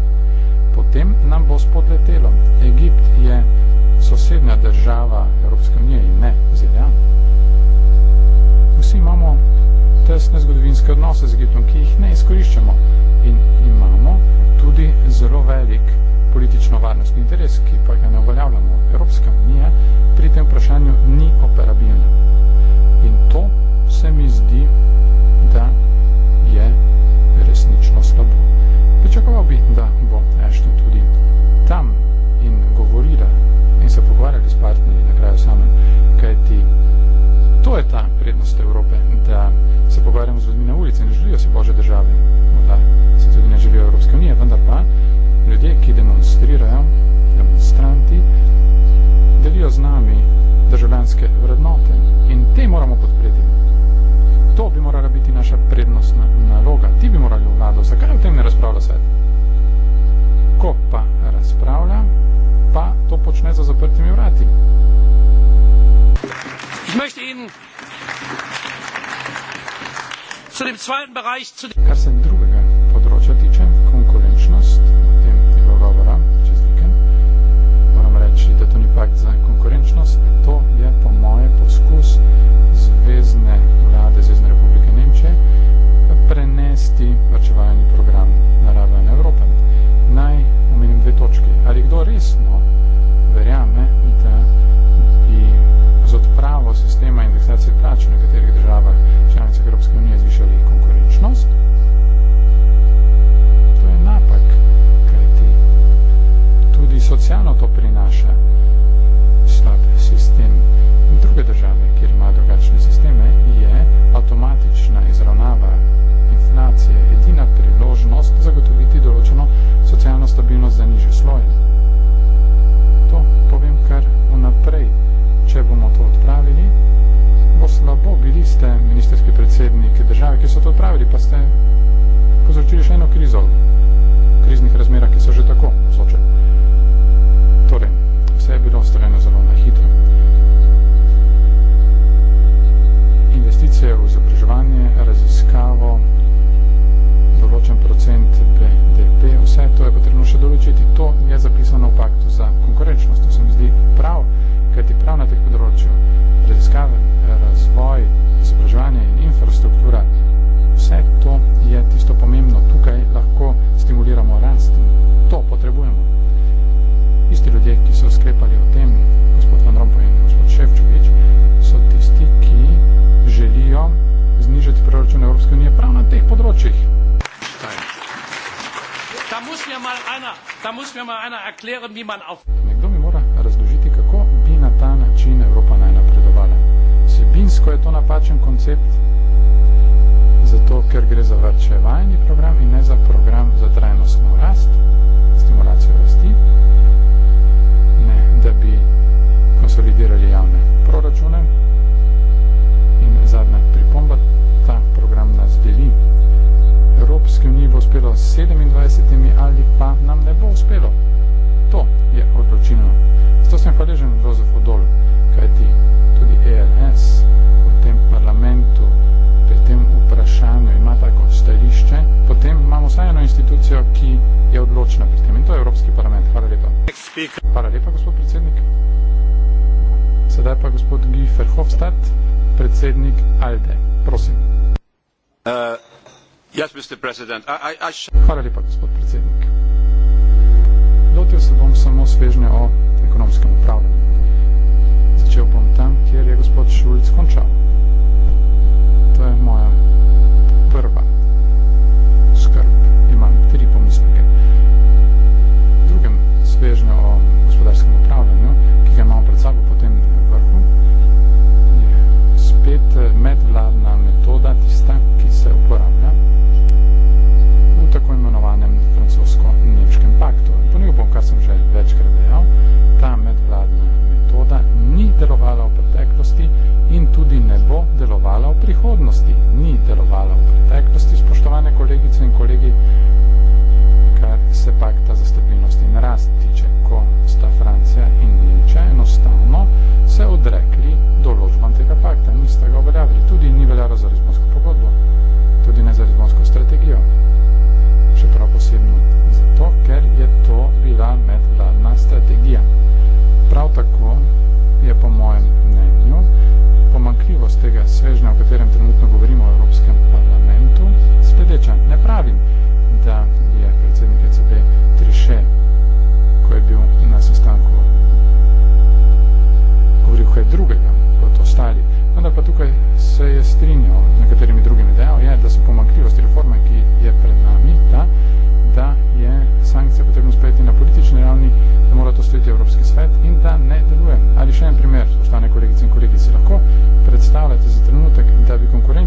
Speaker 1: potem nam bo spodletelo. Egipt je politika, sosednja država Evropske unije in ne Zeljane. Vsi imamo tesne zgodovinske odnose z Egiptom, ki jih ne izkoriščamo in imamo tudi zelo velik politično-varnostni interes, ki pa ga ne uveljavljamo. Evropska unija pri tem vprašanju ni operabilna. In to se mi zdi, da je resnično slabo. Pričakoval bi, da bo Ashton tudi pogovarjali s partnerji na kraju samem, kajti to je ta prednost Evrope, da se pogovarjamo z ljudmi na ulici, ne želijo si Bože države, morda se tudi ne želijo Evropske unije, vendar pa ljudje, ki demonstrirajo, demonstranti, delijo z nami državljanske vrednote in te moramo podpreti. To bi morala biti naša prednostna naloga. Ti bi morali v vlado. Zakaj o tem ne razpravlja svet? Ko pa razpravlja, pa to počne za zaprtimi vrati. Kar se drugega področja tiče, konkurenčnost, o tem tega govora čez vikend, moram reči, da to ni pakt za konkurenčnost, to je po moje poskus Zvezne vlade, Zvezne republike Nemčije, prenesti vrčevalni program na raven Evrope. Naj omenim dve točke. Ali kdo res mora? No indeksacije plač v nekaterih državah članicah Evropske unije zvišali konkurenčnost. To je napak, kajti tudi socijalno to prinaša slab sistem. Druge države, kjer ima drugačne sisteme, je avtomatična izravnava inflacije edina priložnost zagotoviti določeno socijalno stabilnost za nižje sloje. To povem kar vnaprej. Če bomo to odpravili, Kakšno bo, bili ste ministerski predsednik države, ki so to odpravili, pa ste povzročili še eno krizo v kriznih razmerah, ki so že tako vzoče. Torej, vse je bilo strojeno zelo na hitro. Investicije v izobraževanje, raziskavo, določen procent BDP, vse to je potrebno še določiti. To je zapisano v paktu za konkurenčnost. To se mi zdi prav, kajti prav na teh področjih raziskave, razvoj, izobraževanje in infrastruktura, vse to je tisto pomembno. Tukaj lahko stimuliramo rast in to potrebujemo. Isti ljudje, ki so sklepali o tem, gospod Van Rompo in gospod Ševčovič, so tisti, ki želijo znižati proračun Evropske unije prav na teh področjih. Da muss mir mal einer, da muss mir mal einer erklären, wie man auf... dejansko je to napačen koncept, zato ker gre za vrčevalni program in ne za program za trajnostno rast, stimulacijo rasti, ne da bi konsolidirali javne proračune. In zadnja pripomba, ta program nas deli. Evropski uniji bo uspelo s 27 ali pa nam ne bo uspelo. To je odločilno. Zato sem hvaležen Jozefu Dol, kajti tudi ALS. E vprašanju ima tako stališče, potem imamo vsaj eno institucijo, ki je odločna pri tem in to je Evropski parlament. Hvala lepa. Hvala lepa, gospod predsednik. Sedaj pa gospod Guy Verhofstadt, predsednik ALDE. Prosim. Uh, yes, Mr. President. I, I, I Hvala lepa, gospod predsednik. Lotil se bom samo svežnje o ekonomskem upravljanju. Začel bom tam, kjer je gospod Šulc končal.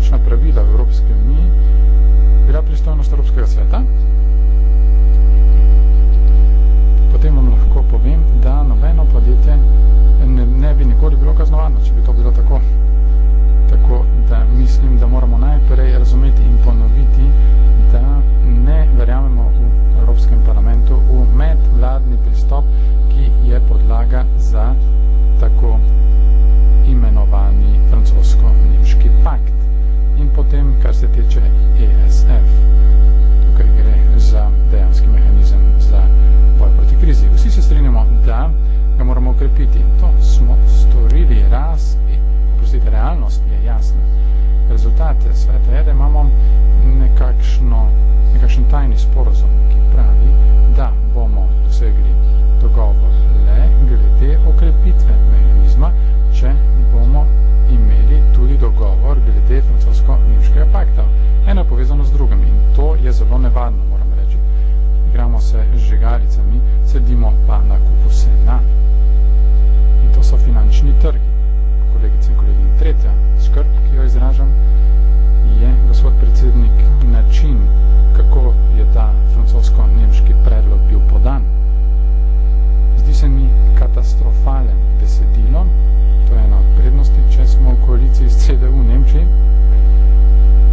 Speaker 1: finančna pravila v Evropske unije bila pristojnost Evropskega sveta, potem vam lahko povem, da nobeno podjetje ne, ne bi nikoli bilo kaznovano, če bi to bilo tako. realnost je jasna. Rezultate svete ere imamo nekakšno, nekakšen tajni sporozum, ki pravi, da bomo dosegli dogovor le glede okrepitve mehanizma, če bomo imeli tudi dogovor glede francosko-nemškega pakta. Eno je povezano z drugim in to je zelo nevarno, moram reči. Igramo se z žigaricami, sedimo pa na kupu sena. In to so finančni trgi kolegice in kolegi. In tretja skrb, ki jo izražam, je, gospod predsednik, način, kako je ta francosko-nemški predlog bil podan. Zdi se mi katastrofalen besedilo, to je ena od prednosti, če smo v koaliciji s CDU v Nemčiji,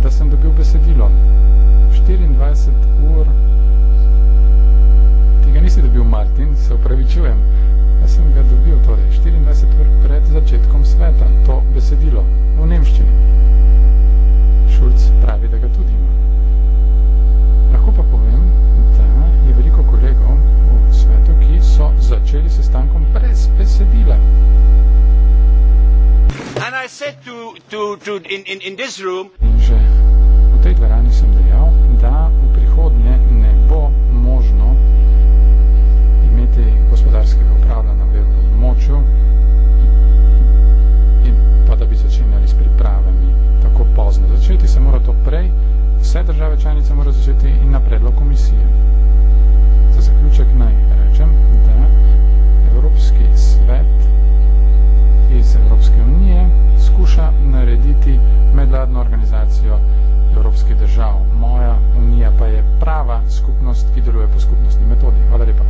Speaker 1: da sem dobil besedilo. 24 ur, tega nisi dobil, Martin, se upravičujem, Jaz sem ga dobil torej 24 ur pred začetkom sveta, to besedilo, v nemščini. Šulc pravi, da ga tudi ima. Lahko pa povem, da je veliko kolegov v svetu, ki so začeli s stankom brez besedila.
Speaker 3: In jaz sem rekel, da je
Speaker 1: v tej dvorani sem dejal, da v prihodnje ne bo možno imeti gospodarskega. prej, vse države članice morajo začeti in na predlog komisije. Za zaključek naj rečem, da Evropski svet iz Evropske unije skuša narediti medladno organizacijo evropskih držav. Moja unija pa je prava skupnost, ki deluje po skupnostni metodi. Hvala lepa.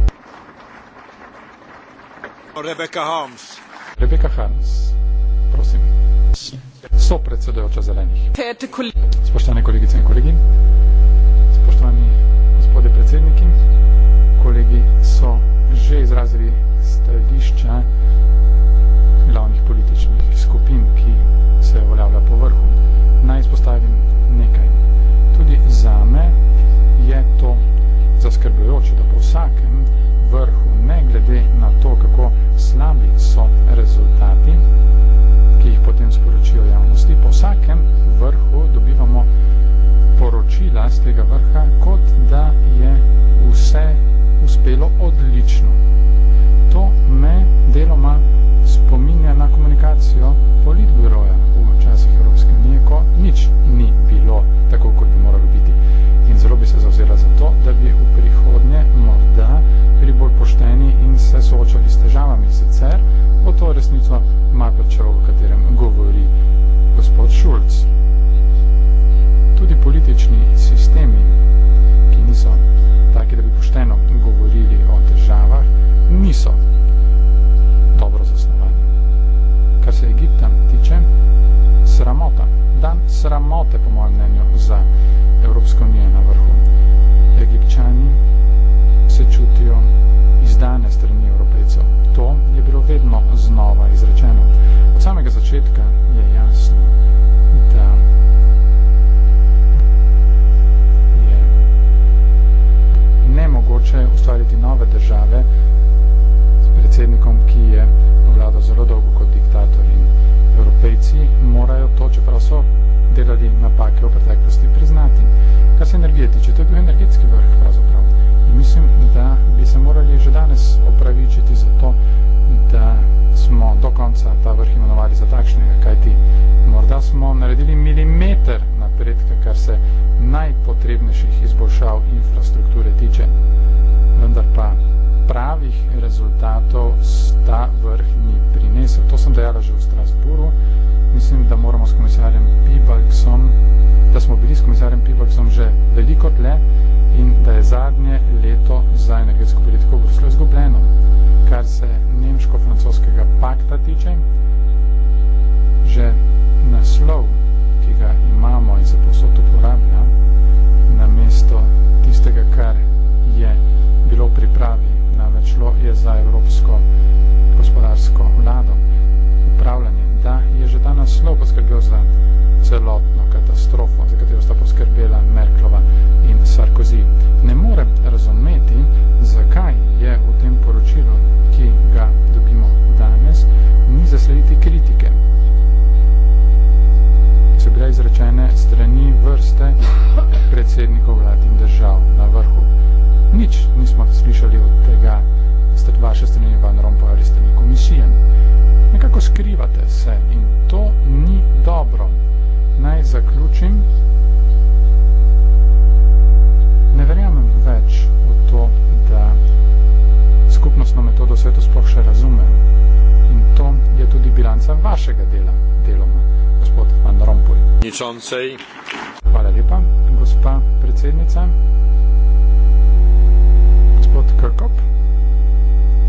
Speaker 1: Rebecca Holmes. Rebecca Holmes, prosim so predsedojoča zelenih. Spoštovane kolegice in kolegi, spoštovani gospode predsedniki, kolegi so že izrazili stališča glavnih političnih skupin, ki se uveljavlja po vrhu. Naj izpostavim nekaj. Tudi za me je to zaskrbljujoče, da po vsakem vrhu, ne glede na to, kako slabi so vedno znova izrečeno. Od samega začetka je jasno, da je nemogoče ustvariti nove države s predsednikom, ki je vlado zelo dolgo kot diktator in evropejci morajo to, čeprav so delali napake v preteklosti, priznati. Kar se energije tiče, to je bil energetski vrh pravzaprav. In mislim, da bi se morali že danes opravičiti za to, do konca ta vrh imenovali za takšnega, kajti morda smo naredili milimeter napredka, kar se najpotrebnejših izboljšav infrastrukture tiče. Vendar pa pravih rezultatov ta vrh ni prinesel. To sem dejala že v Strasburu. Mislim, da moramo s komisarjem Pibalksom, da smo bili s komisarjem Pibalksom že veliko tle in da je zadnje leto za energetsko politiko v Bruslju izgubljeno kar se nemško-francoskega pakta tiče, že naslov, ki ga imamo in se posod uporablja, namesto tistega, kar je bilo pripravi, namreč lo je za evropsko gospodarsko vlado upravljanje, da je že ta naslov poskrbel za celotno katastrofo, za katero sta poskrbela Merklova Sarkozy. Ne more razumeti, zakaj je v tem poročilu, ki ga dobimo danes, ni zaslediti kritike, ki so bile izrečene strani vrste predsednikov vlad in držav na vrhu. Nič nismo slišali od tega strani vaše strani Van Rompo ali strani komisije. Nekako skrivate se in to ni dobro. Naj zaključim pomoč v to, da skupnostno metodo sveto sploh še razumejo. In to je tudi bilanca vašega dela, deloma, gospod Van Rompuy. Ničoncej. Hvala lepa, gospa predsednica. Gospod Krkop.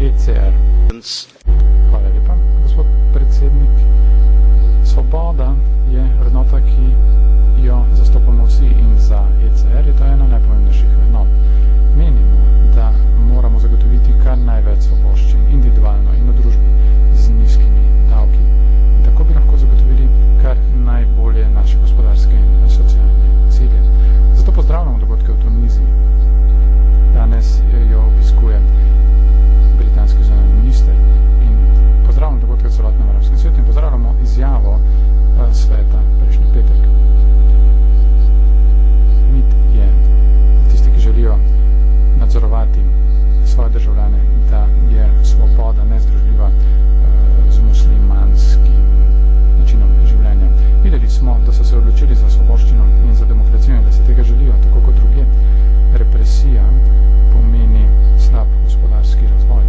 Speaker 1: ECR. Hvala lepa, gospod predsednik. Svoboda je vrednota, ki jo zastopamo vsi in za ECR je to ena najpomembnejših vrednot menimo, da moramo zagotoviti kar največ svoboščin individualno in v družbi z nizkimi davki. Tako bi lahko zagotovili kar najbolje naše gospodarske in socialne cilje. Zato pozdravljamo dogodke v Tuniziji. Danes jo obiskuje britanski zunanji minister in pozdravljamo dogodke v celotnem arabskem svetu in pozdravljamo izjavo eh, sveta se odločili za svoboščino in za demokracijo in da si tega želijo, tako kot druge, represija pomeni slab gospodarski razvoj.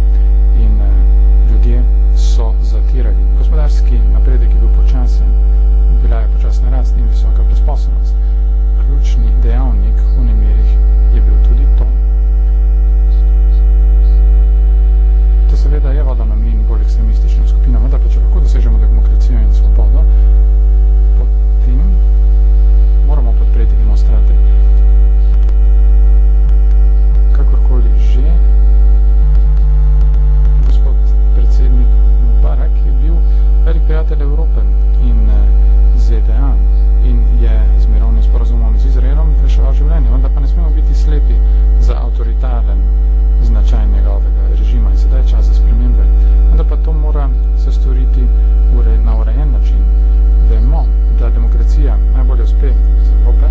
Speaker 1: In eh, ljudje so zatirali. Gospodarski napredek je bil počasen, bila je počasna rast in visoka brezposobnost. Ključni dejavnik v nemirih je bil tudi to. To seveda je vodo na min bolj ekstremistično skupino. prijatelj Evrope in eh, ZDA in je z mirovnim sporozumom z Izraelom reševal življenje, vendar pa ne smemo biti slepi za avtoritaren značaj njegovega režima in sedaj je čas za spremembe. Vendar pa to mora se storiti na urejen način. Vemo, da demokracija najbolje uspe iz Evrope,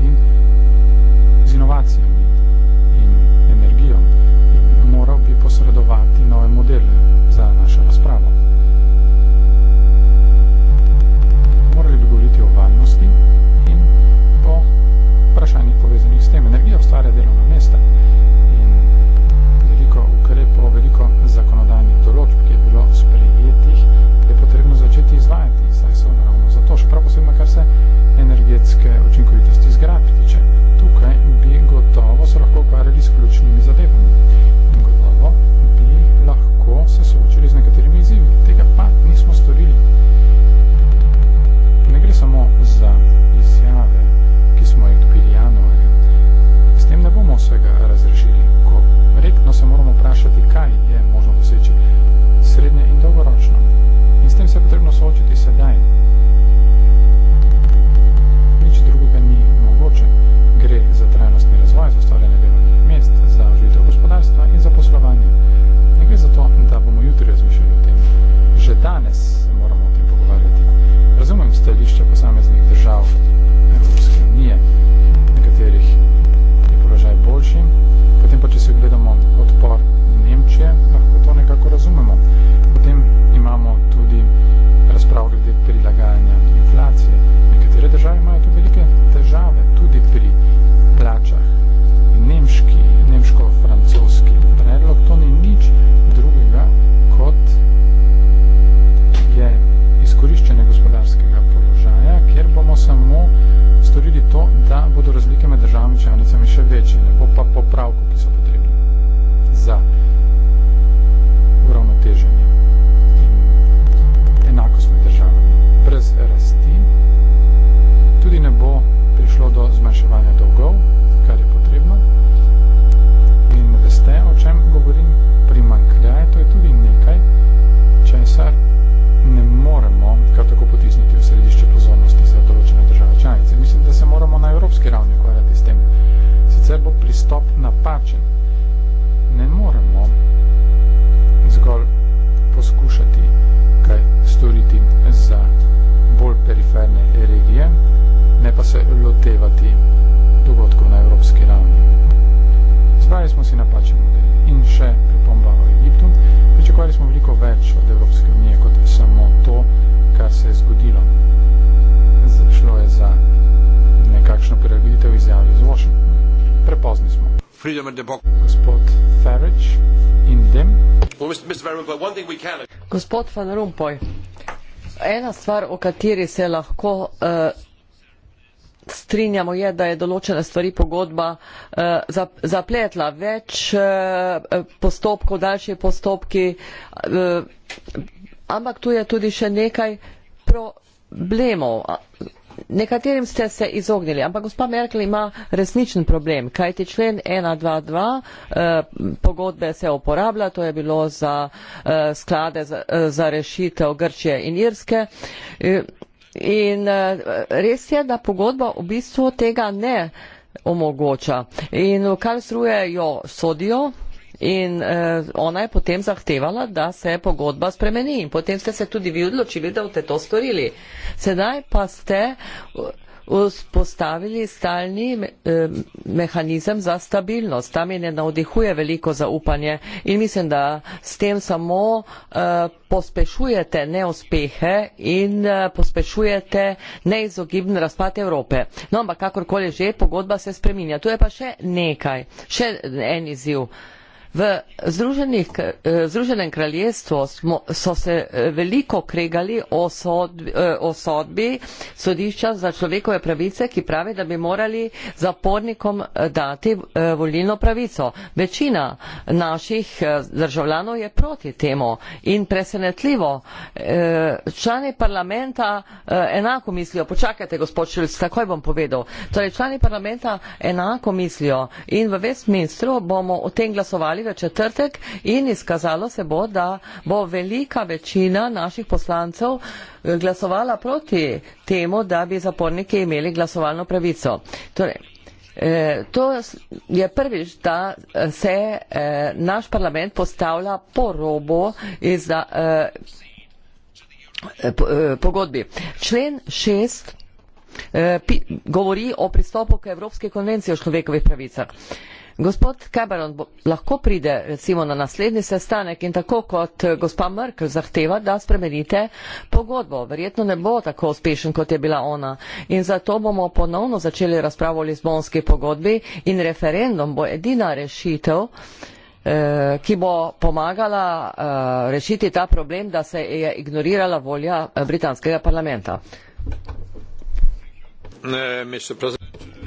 Speaker 1: inovacijami in energijo in moral bi posredovati nove modele za našo razpravo. Morali bi govoriti o varnosti in o vprašanjih povezanih s tem. Energija ustvarja delovna mesta in veliko ukrepov, veliko zakonodajnih določb, ki je bilo sprejetih, je potrebno začeti izvajati. Saj so ravno zato še prav posebno, kar se energetske učinkovitosti zgrabiti se lahko ukvarjali s ključnimi zadevami. In gotovo bi lahko se soočili z nekaterimi izzivi. Tega pa nismo storili. Ne gre samo za izjave, ki smo jih dobili januarja. S tem ne bomo vsega razrešili. Korektno se moramo vprašati, kaj je možno doseči srednje in dolgoročno. In s tem se je potrebno soočiti sedaj. Nič drugega ni mogoče. Gre za trajnost razvoj z ustvarjanje delovnih mest, za užitev gospodarstva in za poslovanje. Ne gre za to, da bomo jutri razmišljali o tem. Že danes se moramo o tem pogovarjati. Razumem stališče posameznih držav Evropske unije, nekaterih je položaj boljši, potem pa, če si ogledamo odpor Nemčije, lahko to nekako razumemo. Potem imamo tudi razprav glede prilagajanja inflacije. Nekatere države imajo tu velike ravnicami še večji, ne bo pa popravkov, ki so potrebni. smo veliko več od Evropske unije kot samo to, kar se je zgodilo. Zašlo je za nekakšno prelagoditev izjave z Washingtonom. Prepozni smo. Freedom and Gospod Farage in Dem.
Speaker 2: Gospod Van Rompuy, ena stvar, o kateri se lahko uh, strinjamo je da je določene stvari pogodba eh, zapletla več eh, postopkov daljši postopki eh, ampak tu je tudi še nekaj problemov Nekaterim ste se izognili, ampak gospa Merkel ima resničen problem, kajti člen 122 eh, pogodbe se uporablja, to je bilo za eh, sklade za, eh, za rešitev Grčije in Irske. Eh, In eh, res je, da pogodba v bistvu tega ne omogoča. In v eh, Karlsruhe jo sodijo in eh, ona je potem zahtevala, da se pogodba spremeni. In potem ste se tudi vi odločili, da ste to storili. Sedaj pa ste vzpostavili stalni eh, mehanizem za stabilnost. Tam je ne navdihuje veliko zaupanje in mislim, da s tem samo eh, pospešujete neuspehe in eh, pospešujete neizogibni razpad Evrope. No, ampak kakorkoli že, pogodba se spreminja. Tu je pa še nekaj, še en izziv. V Združenih, eh, Združenem kraljestvu smo, so se eh, veliko kregali o sodbi, eh, o sodbi sodišča za človekove pravice, ki pravi, da bi morali zapornikom dati volilno pravico. Večina naših državljanov je proti temu in presenetljivo. Člani parlamenta enako mislijo. Počakajte, gospod Šilc, takoj bom povedal. Torej, člani parlamenta enako mislijo in v Westminsteru bomo o tem glasovali prihajajočega četrtek in izkazalo se bo, da bo velika večina naših poslancev eh, glasovala proti temu, da bi zaporniki imeli glasovalno pravico. Torej, eh, To je prvič, da eh, se naš parlament postavlja po robo iz pogodbi. Člen šest govori o pristopu k Evropske konvencije o človekovih pravicah. Gospod Cameron lahko pride recimo na naslednji sestanek in tako kot eh, gospa Merkel zahteva, da spremenite pogodbo. Verjetno ne bo tako uspešen, kot je bila ona. In zato bomo ponovno začeli razpravo o Lizbonski pogodbi in referendum bo edina rešitev, eh, ki bo pomagala eh, rešiti ta problem, da se je ignorirala volja britanskega parlamenta.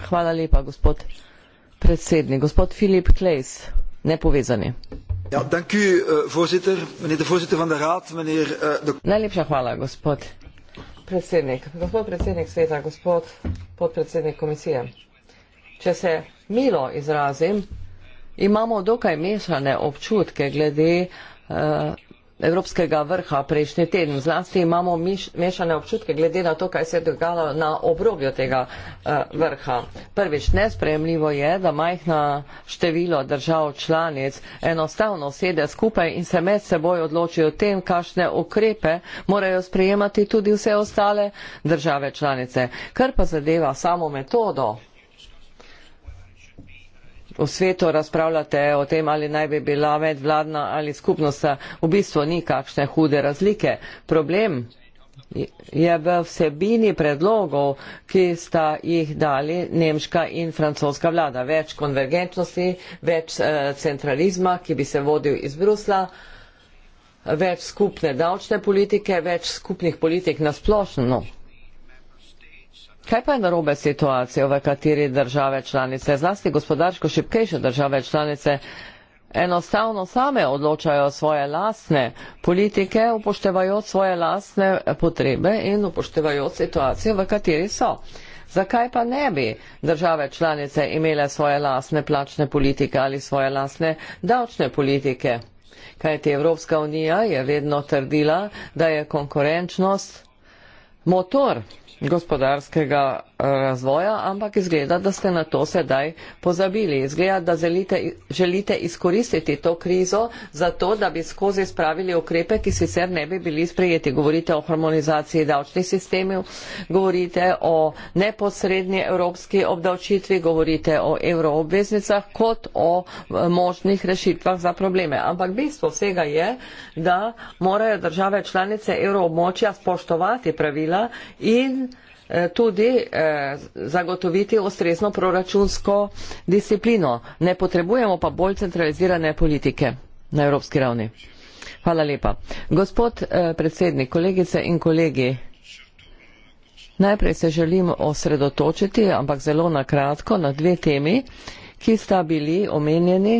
Speaker 2: Hvala lepa, gospod. Ja, eh,
Speaker 3: eh,
Speaker 2: Najlepša hvala, gospod predsednik. Gospod predsednik sveta, gospod podpredsednik komisije. Če se milo izrazim, imamo dokaj mešane občutke glede eh, Evropskega vrha prejšnji teden. Zlasti imamo miš, mešane občutke glede na to, kaj se je dogajalo na obrobju tega uh, vrha. Prvič, nespremljivo je, da majhna število držav članic enostavno sede skupaj in se med seboj odločijo tem, kakšne ukrepe morajo sprejemati tudi vse ostale države članice. Kar pa zadeva samo metodo v svetu razpravljate o tem, ali naj bi bila medvladna ali skupnosta, v bistvu ni kakšne hude razlike. Problem je v vsebini predlogov, ki sta jih dali nemška in francoska vlada. Več konvergentnosti, več eh, centralizma, ki bi se vodil iz Brusla, več skupne davčne politike, več skupnih politik na splošno. No. Kaj pa je narobe situacija, v kateri države članice, zlasti gospodarsko šipkejše države članice, enostavno same odločajo svoje lastne politike, upoštevajo svoje lastne potrebe in upoštevajo situacijo, v kateri so. Zakaj pa ne bi države članice imele svoje lastne plačne politike ali svoje lastne davčne politike? Kajti Evropska unija je vedno trdila, da je konkurenčnost motor gospodarskega razvoja, ampak izgleda, da ste na to sedaj pozabili. Izgleda, da želite, želite izkoristiti to krizo za to, da bi skozi spravili ukrepe, ki sicer ne bi bili sprejeti. Govorite o harmonizaciji davčnih sistemov, govorite o neposrednji evropski obdavčitvi, govorite o evroobveznicah kot o eh, možnih rešitvah za probleme. Ampak bistvo vsega je, da morajo države članice evroobmočja spoštovati pravila in eh, tudi eh, Eh, zagotoviti ustrezno proračunsko disciplino. Ne potrebujemo pa bolj centralizirane politike na evropski ravni. Hvala lepa. Gospod eh, predsednik, kolegice in kolegi, najprej se želim osredotočiti, ampak zelo na kratko, na dve temi, ki sta bili omenjeni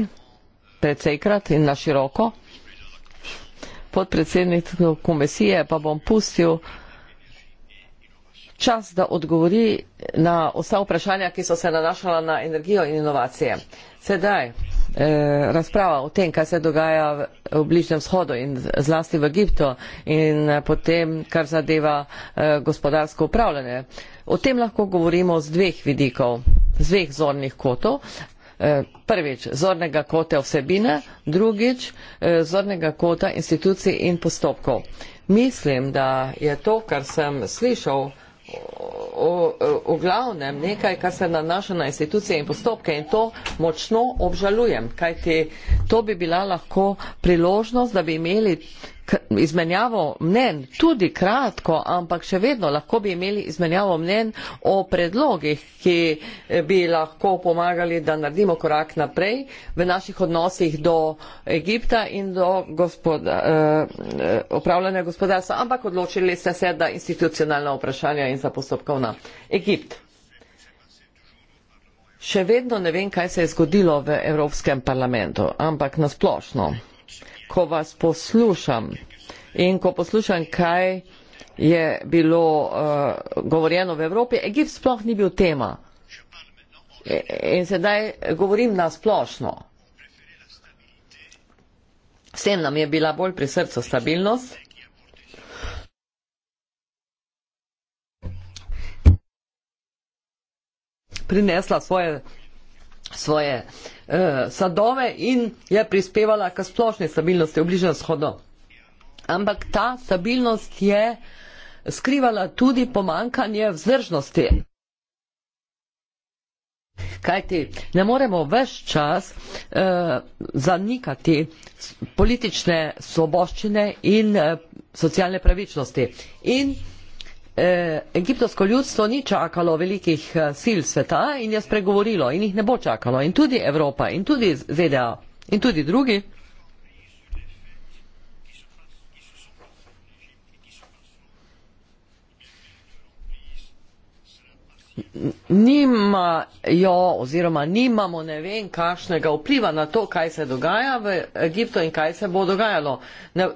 Speaker 2: predsejkrat in na široko. Podpredsednik komisije pa bom pustil čas, da odgovori na vsa vprašanja, ki so se nanašala na energijo in inovacije. Sedaj eh, razprava o tem, kaj se dogaja v, v Bližnem vzhodu in zlasti v Egiptu in eh, potem, kar zadeva eh, gospodarsko upravljanje. O tem lahko govorimo z dveh vidikov, z dveh zornih kotov. Eh, prvič, zornega kota vsebine, drugič, eh, zornega kota institucij in postopkov. Mislim, da je to, kar sem slišal v glavnem nekaj, kar se nanaša na institucije in postopke in to močno obžalujem, kajti to bi bila lahko priložnost, da bi imeli izmenjavo mnen, tudi kratko, ampak še vedno lahko bi imeli izmenjavo mnen o predlogih, ki eh, bi lahko pomagali, da naredimo korak naprej v naših odnosih do Egipta in do gospoda, eh, eh upravljanja gospodarstva, ampak odločili ste se za institucionalna vprašanja in za postopkovna. Egipt. Še vedno ne vem, kaj se je zgodilo v Evropskem parlamentu, ampak nasplošno ko vas poslušam in ko poslušam, kaj je bilo uh, govorjeno v Evropi, Egipt sploh ni bil tema. E, in sedaj govorim na splošno. Vsem nam je bila bolj pri srcu stabilnost. Prinesla svoje svoje eh, sadove in je prispevala k splošni stabilnosti v bližnjem shodu. Ampak ta stabilnost je skrivala tudi pomankanje vzdržnosti. Kajti ne moremo več čas eh, zanikati politične sloboščine in eh, socialne pravičnosti. In Eh, egiptovsko ljudstvo ni čakalo velikih eh, sil sveta in je spregovorilo in jih ne bo čakalo in tudi Evropa in tudi ZDA in tudi drugi. nimajo oziroma nimamo ne vem kakšnega vpliva na to, kaj se dogaja v Egiptu in kaj se bo dogajalo. Ne,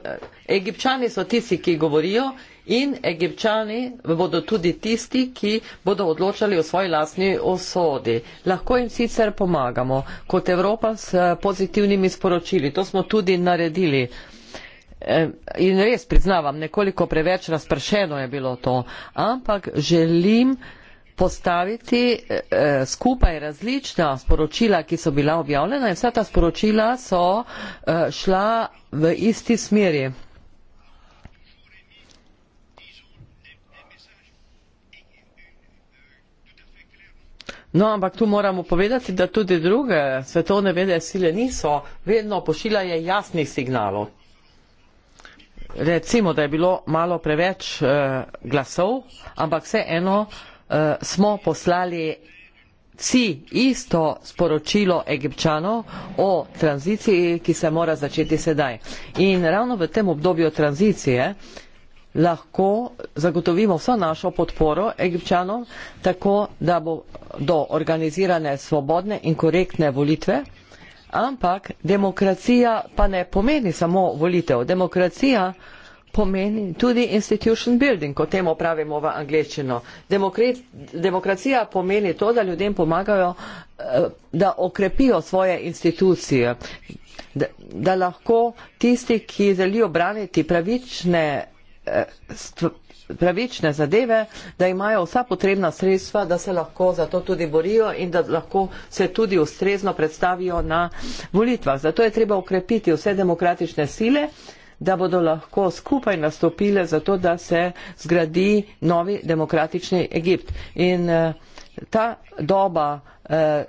Speaker 2: Egipčani so tisti, ki govorijo in Egipčani bodo tudi tisti, ki bodo odločali o svoji lasni osodi. Lahko jim sicer pomagamo kot Evropa s pozitivnimi sporočili. To smo tudi naredili. E, in res priznavam, nekoliko preveč razpršeno je bilo to, ampak želim postaviti eh, eh, skupaj različna sporočila, ki so bila objavljena in vsa ta sporočila so eh, šla v isti smeri. No, ampak tu moramo povedati, da tudi druge svetovne vede sile niso vedno pošiljale jasnih signalov. Recimo, da je bilo malo preveč eh, glasov, ampak vseeno eh, uh, smo poslali vsi isto sporočilo egipčanov o tranziciji, ki se mora začeti sedaj. In ravno v tem obdobju tranzicije lahko zagotovimo vso našo podporo egipčanom, tako da bo do organizirane svobodne in korektne volitve. Ampak demokracija pa ne pomeni samo volitev. Demokracija uh, pomeni tudi institution building, kot temu pravimo v angleščino. Demokracija pomeni to, da ljudem pomagajo, eh, da okrepijo svoje institucije, da, da lahko tisti, ki želijo braniti pravične, eh, pravične zadeve, da imajo vsa potrebna sredstva, da se lahko za to tudi borijo in da lahko se tudi ustrezno predstavijo na volitvah. Zato je treba okrepiti vse demokratične sile da bodo lahko skupaj nastopile za to, da se zgradi novi demokratični Egipt. In eh, ta doba eh,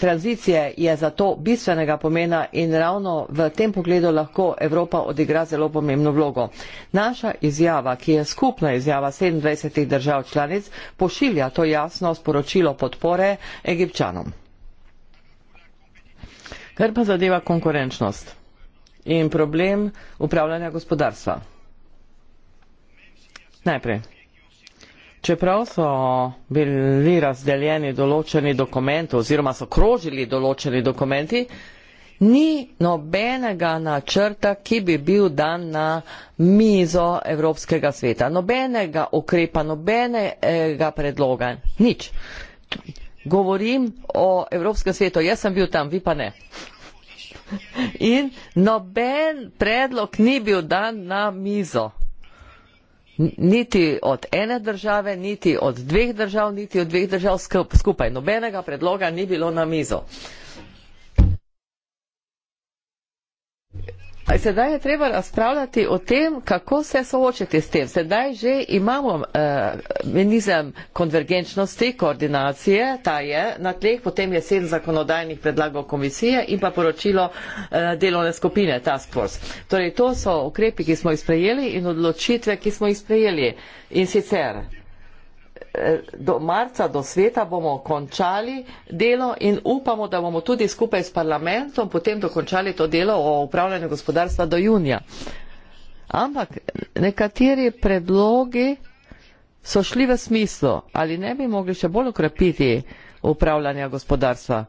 Speaker 2: tranzicije je zato bistvenega pomena in ravno v tem pogledu lahko Evropa odigra zelo pomembno vlogo. Naša izjava, ki je skupna izjava 27 držav članic, pošilja to jasno sporočilo podpore egipčanom. Kar pa zadeva konkurenčnost in problem upravljanja gospodarstva. Najprej. Čeprav so bili razdeljeni določeni dokumenti oziroma so krožili določeni dokumenti, ni nobenega načrta, ki bi bil dan na mizo Evropskega sveta. Nobenega ukrepa, nobenega predloga. Nič. Govorim o Evropskem svetu. Jaz sem bil tam, vi pa ne. In noben predlog ni bil dan na mizo. Niti od ene države, niti od dveh držav, niti od dveh držav skupaj. Nobenega predloga ni bilo na mizo. Sedaj je treba razpravljati o tem, kako se soočiti s tem. Sedaj že imamo eh, menizem konvergenčnosti, koordinacije, ta je na tleh, potem je sedem zakonodajnih predlagov komisije in pa poročilo eh, delovne skupine Task Force. Torej, to so ukrepi, ki smo jih sprejeli in odločitve, ki smo jih sprejeli. In sicer do marca, do sveta bomo končali delo in upamo, da bomo tudi skupaj s parlamentom potem dokončali to delo o upravljanju gospodarstva do junija. Ampak nekateri predlogi so šli v smislu, ali ne bi mogli še bolj ukrepiti upravljanja gospodarstva.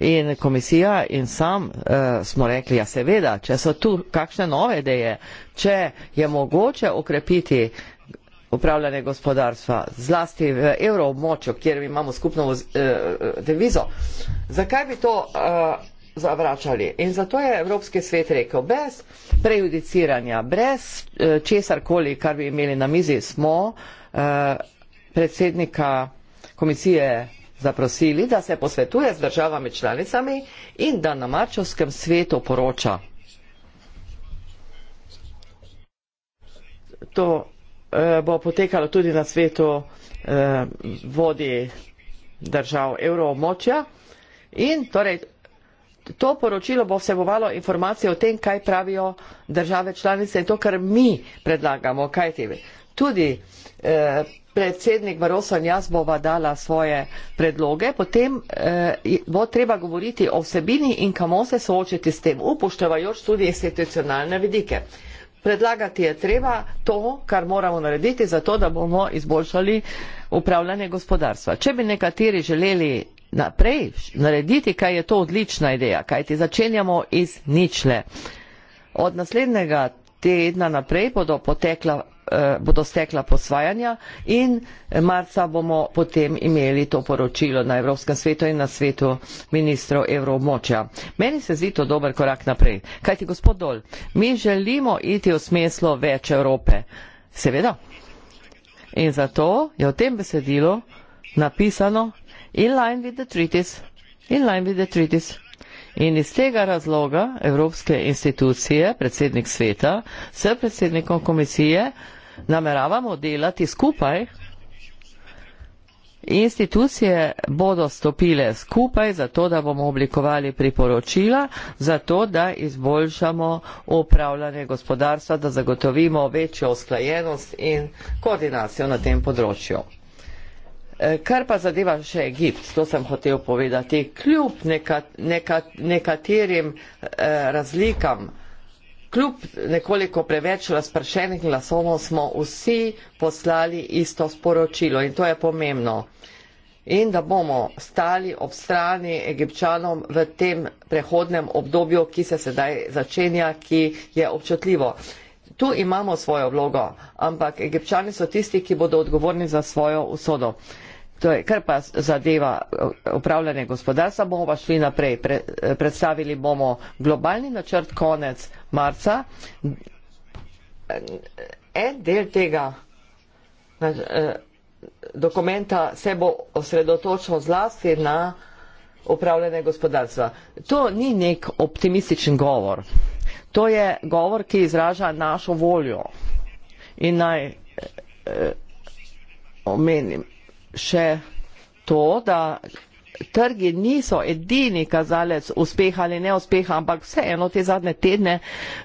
Speaker 2: In komisija in sam eh, smo rekli, ja seveda, če so tu kakšne nove ideje, če je mogoče ukrepiti upravljanje gospodarstva, zlasti v evroobmočju, kjer imamo skupno voz, eh, devizo. Zakaj bi to eh, zavračali? In zato je Evropski svet rekel, brez prejudiciranja, brez eh, česarkoli, kar bi imeli na mizi, smo eh, predsednika komisije zaprosili, da se posvetuje z državami članicami in da na marčovskem svetu poroča. To Eh, bo potekalo tudi na svetu eh, vodi držav evroobmočja. In torej to poročilo bo vsebovalo informacije o tem, kaj pravijo države članice in to, kar mi predlagamo, kaj ti bi. Tudi eh, predsednik Barosov in jaz bova dala svoje predloge, potem eh, bo treba govoriti o vsebini in kamo se soočiti s tem, upoštevajoč tudi institucionalne vidike predlagati je treba to, kar moramo narediti, zato da bomo izboljšali upravljanje gospodarstva. Če bi nekateri želeli naprej narediti, kaj je to odlična ideja, kaj ti začenjamo iz ničle. Od naslednjega tedna naprej bodo, potekla, eh, bodo stekla posvajanja in marca bomo potem imeli to poročilo na Evropskem svetu in na svetu ministrov evroobmočja. Meni se zdi to dober korak naprej. Kajti, gospod Dol, mi želimo iti v smislu več Evrope. Seveda. In zato je v tem besedilu napisano in line with the treaties. In line with the treaties. In iz tega razloga Evropske institucije, predsednik sveta, s predsednikom komisije nameravamo delati skupaj. Institucije bodo stopile skupaj, zato da bomo oblikovali priporočila, zato da izboljšamo upravljanje gospodarstva, da zagotovimo večjo usklajenost in koordinacijo na tem področju. Eh, kar pa zadeva še Egipt, to sem hotel povedati, kljub neka, neka, nekaterim eh, razlikam, kljub nekoliko preveč razpršenih glasov, smo vsi poslali isto sporočilo in to je pomembno. In da bomo stali ob strani egipčanom v tem prehodnem obdobju, ki se sedaj začenja, ki je občutljivo. Tu imamo svojo vlogo, ampak egipčani so tisti, ki bodo odgovorni za svojo usodo. Torej, kar pa zadeva eh, upravljanje gospodarstva, bomo pa šli naprej. Pre, eh, predstavili bomo globalni načrt konec marca. Eh, en del tega nač, dokumenta se bo osredotočil zlasti na upravljanje gospodarstva. To ni nek optimističen govor. To je govor, ki izraža našo voljo. In naj eh, omenim še to, da trgi niso edini kazalec uspeha ali neuspeha, ampak vseeno te zadnje tedne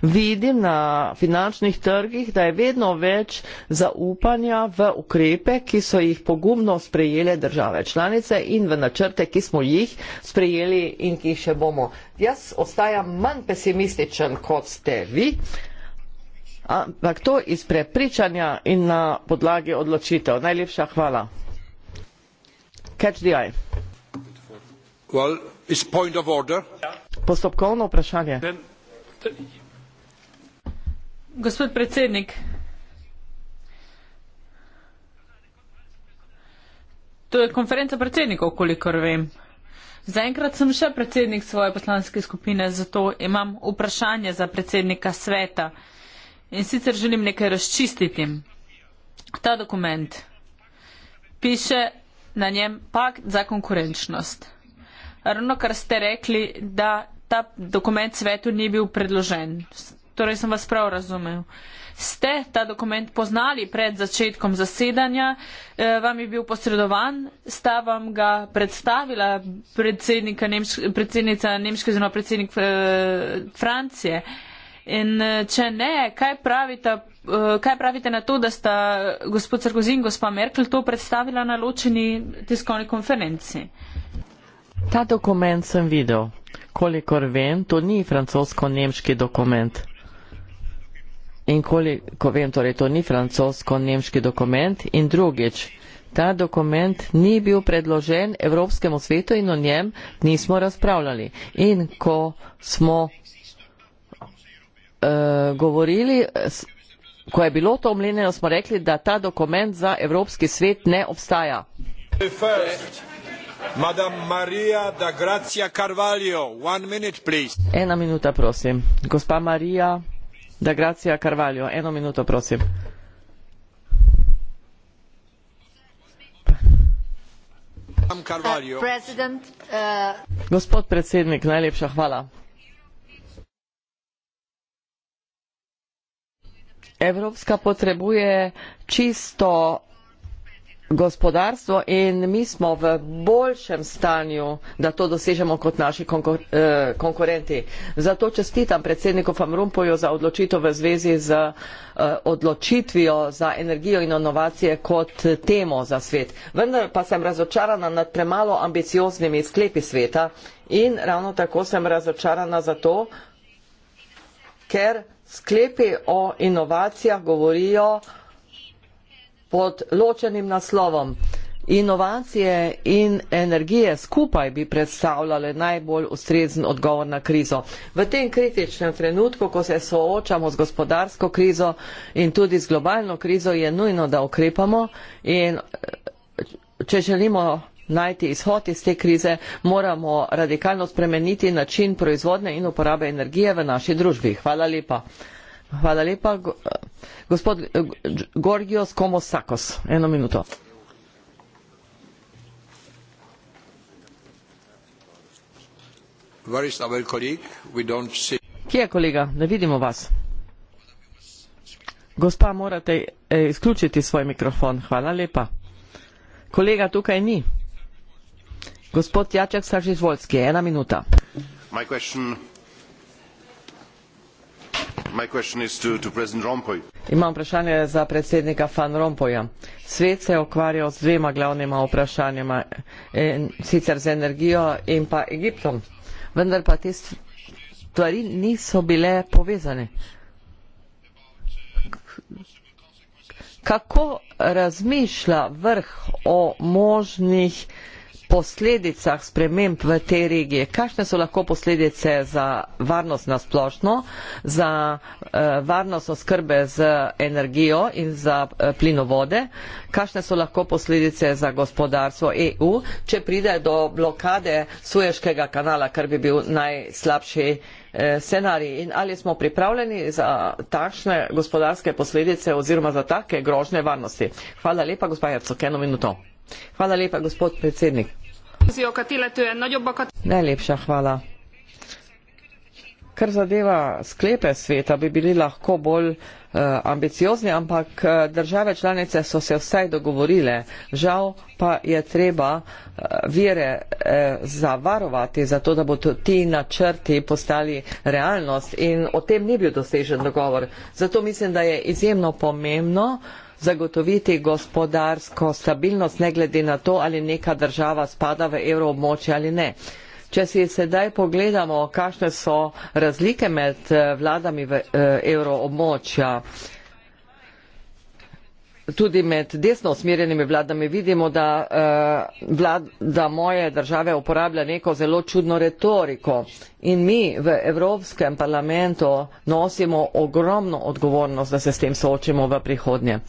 Speaker 2: vidim na finančnih trgih, da je vedno več zaupanja v ukrepe, ki so jih pogumno sprejele države članice in v načrte, ki smo jih sprejeli in ki jih še bomo. Jaz ostajam manj pesimističen kot ste vi, ampak to iz prepričanja in na podlagi odločitev. Najlepša hvala postopkovno vprašanje gospod
Speaker 3: predsednik to je konferenca predsednikov kolikor vem zaenkrat sem še predsednik svoje poslanske skupine zato imam vprašanje za predsednika sveta in sicer želim nekaj razčistiti ta dokument piše na njem pakt za konkurenčnost. Ravno kar ste rekli, da ta dokument svetu ni bil predložen. Torej sem vas prav razumel. Ste ta dokument poznali pred začetkom zasedanja, eh, vam je bil posredovan, sta vam ga predstavila predsednica Nemške, predsednica Nemške oziroma predsednik eh, Francije. In eh, če ne, kaj pravite, eh, kaj pravite na to, da sta gospod Sarkozy in gospa Merkel to predstavila na ločeni tiskovni konferenci?
Speaker 2: Ta dokument sem videl. Kolikor vem, to ni francosko-nemški dokument. In koliko vem, torej to ni francosko-nemški dokument. In drugič, ta dokument ni bil predložen Evropskemu svetu in o njem nismo razpravljali. In ko smo uh, govorili, ko je bilo to omljeno, smo rekli, da ta dokument za Evropski svet ne obstaja. Ena minuta, prosim. Gospa Marija da Gracia Carvalho, eno minuto, prosim. Uh, uh... Gospod predsednik, najlepša hvala. Evropska potrebuje čisto gospodarstvo in mi smo v boljšem stanju, da to dosežemo kot naši konkur eh, konkurenti. Zato čestitam predsedniku Van Rompuyju za odločitev v zvezi z eh, odločitvijo za energijo in inovacije kot temo za svet. Vendar pa sem razočarana nad premalo ambicioznimi sklepi sveta in ravno tako sem razočarana zato, ker sklepi o inovacijah govorijo pod ločenim naslovom. Inovacije in energije skupaj bi predstavljale najbolj ustrezen odgovor na krizo. V tem kritičnem trenutku, ko se soočamo z gospodarsko krizo in tudi z globalno krizo, je nujno, da ukrepamo in eh, če želimo najti izhod iz te krize, moramo radikalno spremeniti način proizvodne in uporabe energije v naši družbi. Hvala lepa. Hvala lepa. Gospod eh, Gorgios Komosakos, eno minuto. Kje je kolega? Ne vidimo vas. Gospa, morate eh, izključiti svoj mikrofon. Hvala lepa. Kolega tukaj ni imam vprašanje za predsednika van rompuyja svet se je ukvarjal z dvema glavnima vprašanjema in sicer z energijo in pa egiptom vendar pa te stvari niso bile povezane kako razmišlja vrh o možnih posledicah sprememb v tej regiji. Kakšne so lahko posledice za varnost na splošno, za uh, varnost oskrbe z energijo in za uh, plinovode? Kakšne so lahko posledice za gospodarstvo EU, če pride do blokade Suješkega kanala, kar bi bil najslabši uh, scenarij? In ali smo pripravljeni za takšne gospodarske posledice oziroma za take grožne varnosti? Hvala lepa, gospod Jacok, eno minuto. Hvala lepa, gospod predsednik
Speaker 3: korrupciókat, illetően nagyobbakat.
Speaker 2: Ne lépse hvala. Kar zadeva sklepe sveta, bi bili lahko bolj uh, ambiciozni, ampak eh, države članice so se vsaj dogovorile. Žal pa je treba uh, vire uh, zavarovati, zato da bodo ti načrti postali realnost in o tem ni bil dosežen dogovor. Zato mislim, da je izjemno pomembno, uh, zagotoviti gospodarsko stabilnost, ne glede na to, ali neka država spada v evroobmočje ali ne. Če si sedaj pogledamo, kakšne so razlike med eh, vladami v eh, evroobmočja, tudi med desno usmerjenimi vladami vidimo, da eh, vlada moje države uporablja neko zelo čudno retoriko. In mi v Evropskem parlamentu nosimo ogromno odgovornost, da se s tem soočimo v prihodnje.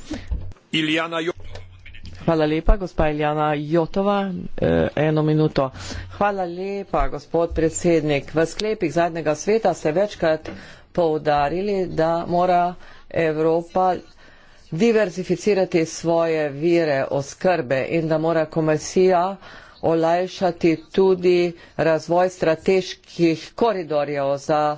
Speaker 2: Iljana Hvala lepa, gospa Iljana Jotova. Eh, eno minuto. Hvala lepa, gospod predsednik. V sklepih zadnjega sveta ste večkrat poudarili, da mora Evropa diversificirati svoje vire oskrbe in da mora komisija olajšati tudi razvoj strateških koridorjev za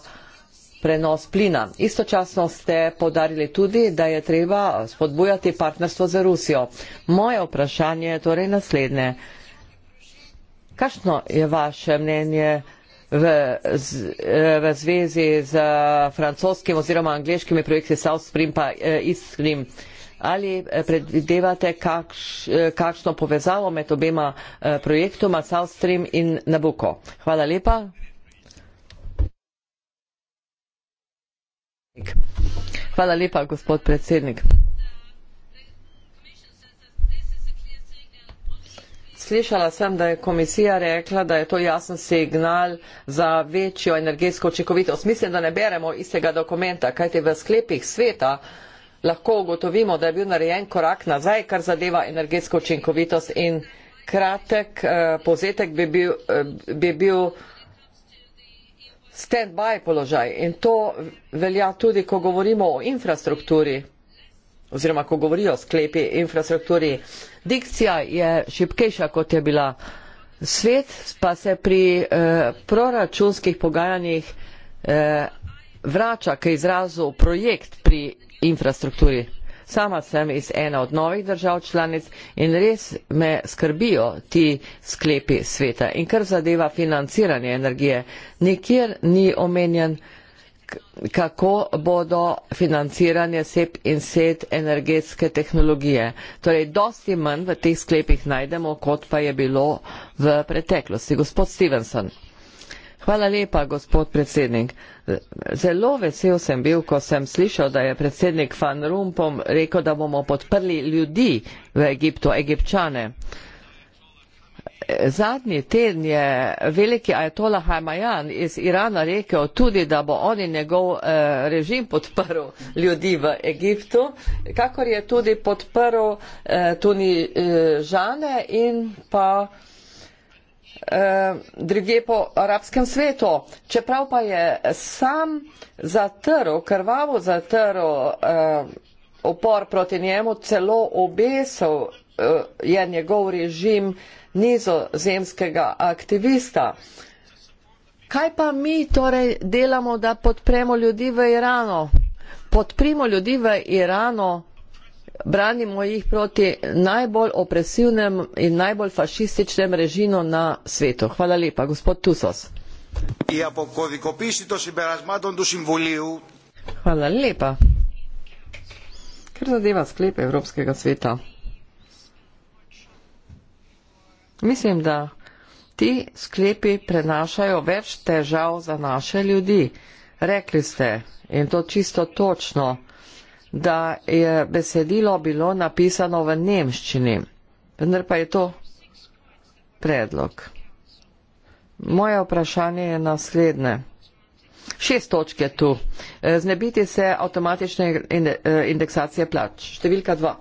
Speaker 2: prenos plina. Istočasno ste podarili tudi, da je treba spodbujati partnerstvo za Rusijo. Moje vprašanje je torej naslednje. Kakšno je vaše mnenje? v, v zvezi z francoskim oziroma angliškimi projekti South Spring pa Istrim. Eh, Ali eh, predvidevate kakš, eh, kakšno povezavo med obema projektoma South Stream in Nabuko? Hvala lepa. Hvala lepa, gospod predsednik. Slišala sem, da je komisija rekla, da je to jasen signal za večjo energetsko očekovitost. Mislim, da ne beremo istega dokumenta, kajte v sklepih sveta lahko ugotovimo, da je bil narejen korak nazaj, kar zadeva energetsko očekovitost in kratek eh, povzetek bi bil, eh, bi bil stand-by položaj in to velja tudi, ko govorimo o infrastrukturi oziroma ko govorijo o sklepi infrastrukturi. Eh, dikcija je šibkejša kot je bila svet pa se pri eh, proračunskih pogajanjih eh, vrača k izrazu projekt pri infrastrukturi. Sama sem iz ena od novih držav članic in res me skrbijo ti sklepi sveta. In kar zadeva financiranje energije, nikjer ni omenjen eh, kako bodo financiranje SEP in SET energetske tehnologije. Torej, dosti manj v teh sklepih najdemo, kot pa je bilo v preteklosti. Gospod Stevenson. Hvala lepa, gospod predsednik. Zelo vesel sem bil, ko sem slišal, da je predsednik Van Rumpom rekel, da bomo podprli ljudi v Egiptu, egipčane. Uh, zadnji teden je veliki ajatola Hajmajan iz Irana rekel tudi, da bo on in njegov eh, režim podprl ljudi v Egiptu, kakor je tudi podprl eh, tudi žane in pa eh, druge po arabskem svetu. Čeprav pa je sam zatrl, krvavo zatrl upor proti njemu, celo obesel je njegov režim nizozemskega aktivista. Kaj pa mi torej delamo, da podpremo ljudi v Iranu? Podprimo ljudi v Iranu, branimo jih proti najbolj opresivnem in najbolj fašističnem režimu na svetu. Hvala lepa, gospod Tusos. Hvala lepa. Ker zadeva sklepe Evropskega sveta. Mislim, da ti sklepi prenašajo več težav za naše ljudi. Rekli ste, in to čisto točno, da je besedilo bilo napisano v nemščini, vendar pa je to predlog. Moje vprašanje je naslednje. Šest točk je tu. E, znebiti se avtomatične e, indeksacije plač. Številka dva.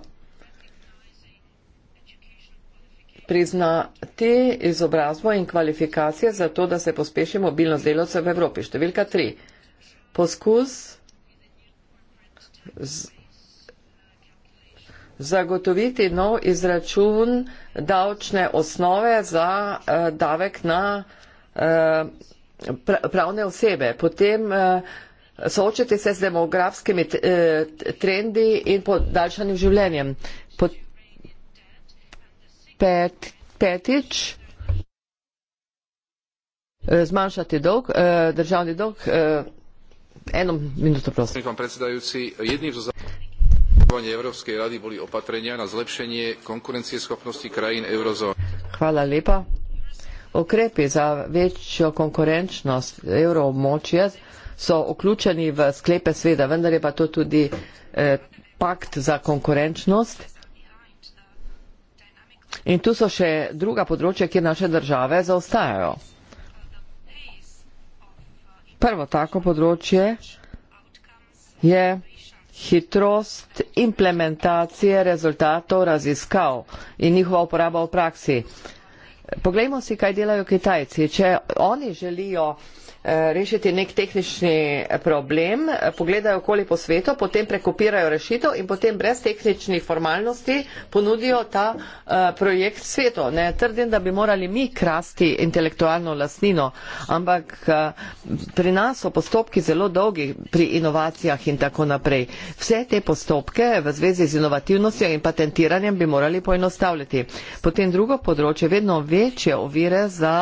Speaker 2: prizna te izobrazbo in kvalifikacije za to, da se pospeši mobilnost delovcev v Evropi. Številka tri. Poskus z, zagotoviti nov izračun davčne osnove za uh, davek na uh, pravne osebe. Potem uh, soočiti se z demografskimi trendi in podaljšanim življenjem. Pot, pet, petič e, zmanjšati dolg, e, državni dolg. E, eno minuto, prosim.
Speaker 1: Pán predsedajúci, jedným zo zavodovania Európskej rady boli opatrenia na zlepšenie konkurencieschopnosti krajín eurozóny.
Speaker 2: Hvala lepa. Okrepi za večjo konkurenčnost euroobmočja so vključeni v sklepe sveda, vendar je pa to tudi eh, pakt za konkurenčnost. In tu so še druga področja, kjer naše države zaostajajo. Prvo tako področje je hitrost implementacije rezultatov raziskav in njihova uporaba v praksi. Poglejmo si, kaj delajo Kitajci. Če oni želijo Eh, rešiti nek tehnični problem, pogledajo okoli po svetu, potem prekopirajo rešitev in potem brez tehničnih formalnosti ponudijo ta eh, projekt svetu. Ne trdim, da bi morali mi krasti intelektualno lasnino, ampak eh, pri nas so postopki zelo dolgi pri inovacijah in tako naprej. Vse te postopke v zvezi z inovativnostjo in patentiranjem bi morali poenostavljati. Potem drugo področje, vedno večje ovire za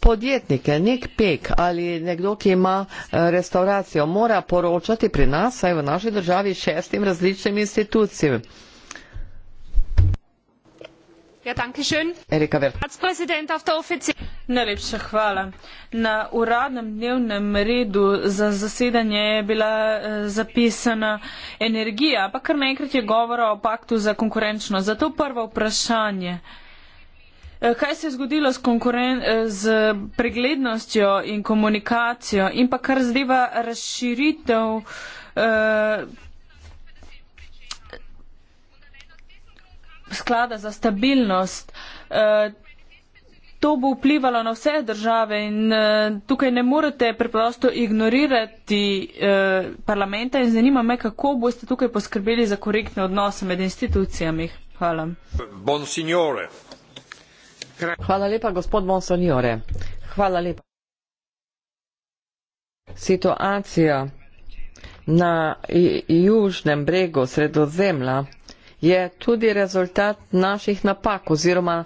Speaker 2: podjetnik, nek pek ali nekdo, ki ima eh, restauracijo, mora poročati pri nas, saj v naši državi šestim različnim institucijam.
Speaker 3: Ja, danke schön. Erika Verhofstadt. Najlepša hvala. Na uradnem dnevnem redu za zasedanje je bila eh, zapisana energija, pa kar naenkrat je govora o paktu za konkurenčnost. Zato prvo vprašanje. Eh, kaj se je zgodilo s, eh, z preglednostjo in komunikacijo in pa kar zdeva razširitev eh, sklada za stabilnost? Eh, To bo vplivalo na vse države in uh, tukaj ne morete preprosto ignorirati uh, parlamenta in zanima me, kako boste tukaj poskrbeli za korektne odnose med institucijami. Hvala.
Speaker 1: Bon signore.
Speaker 3: Hvala lepa, gospod Monsonjore. Hvala lepa.
Speaker 2: Situacija na južnem bregu sredozemlja je tudi rezultat naših napak oziroma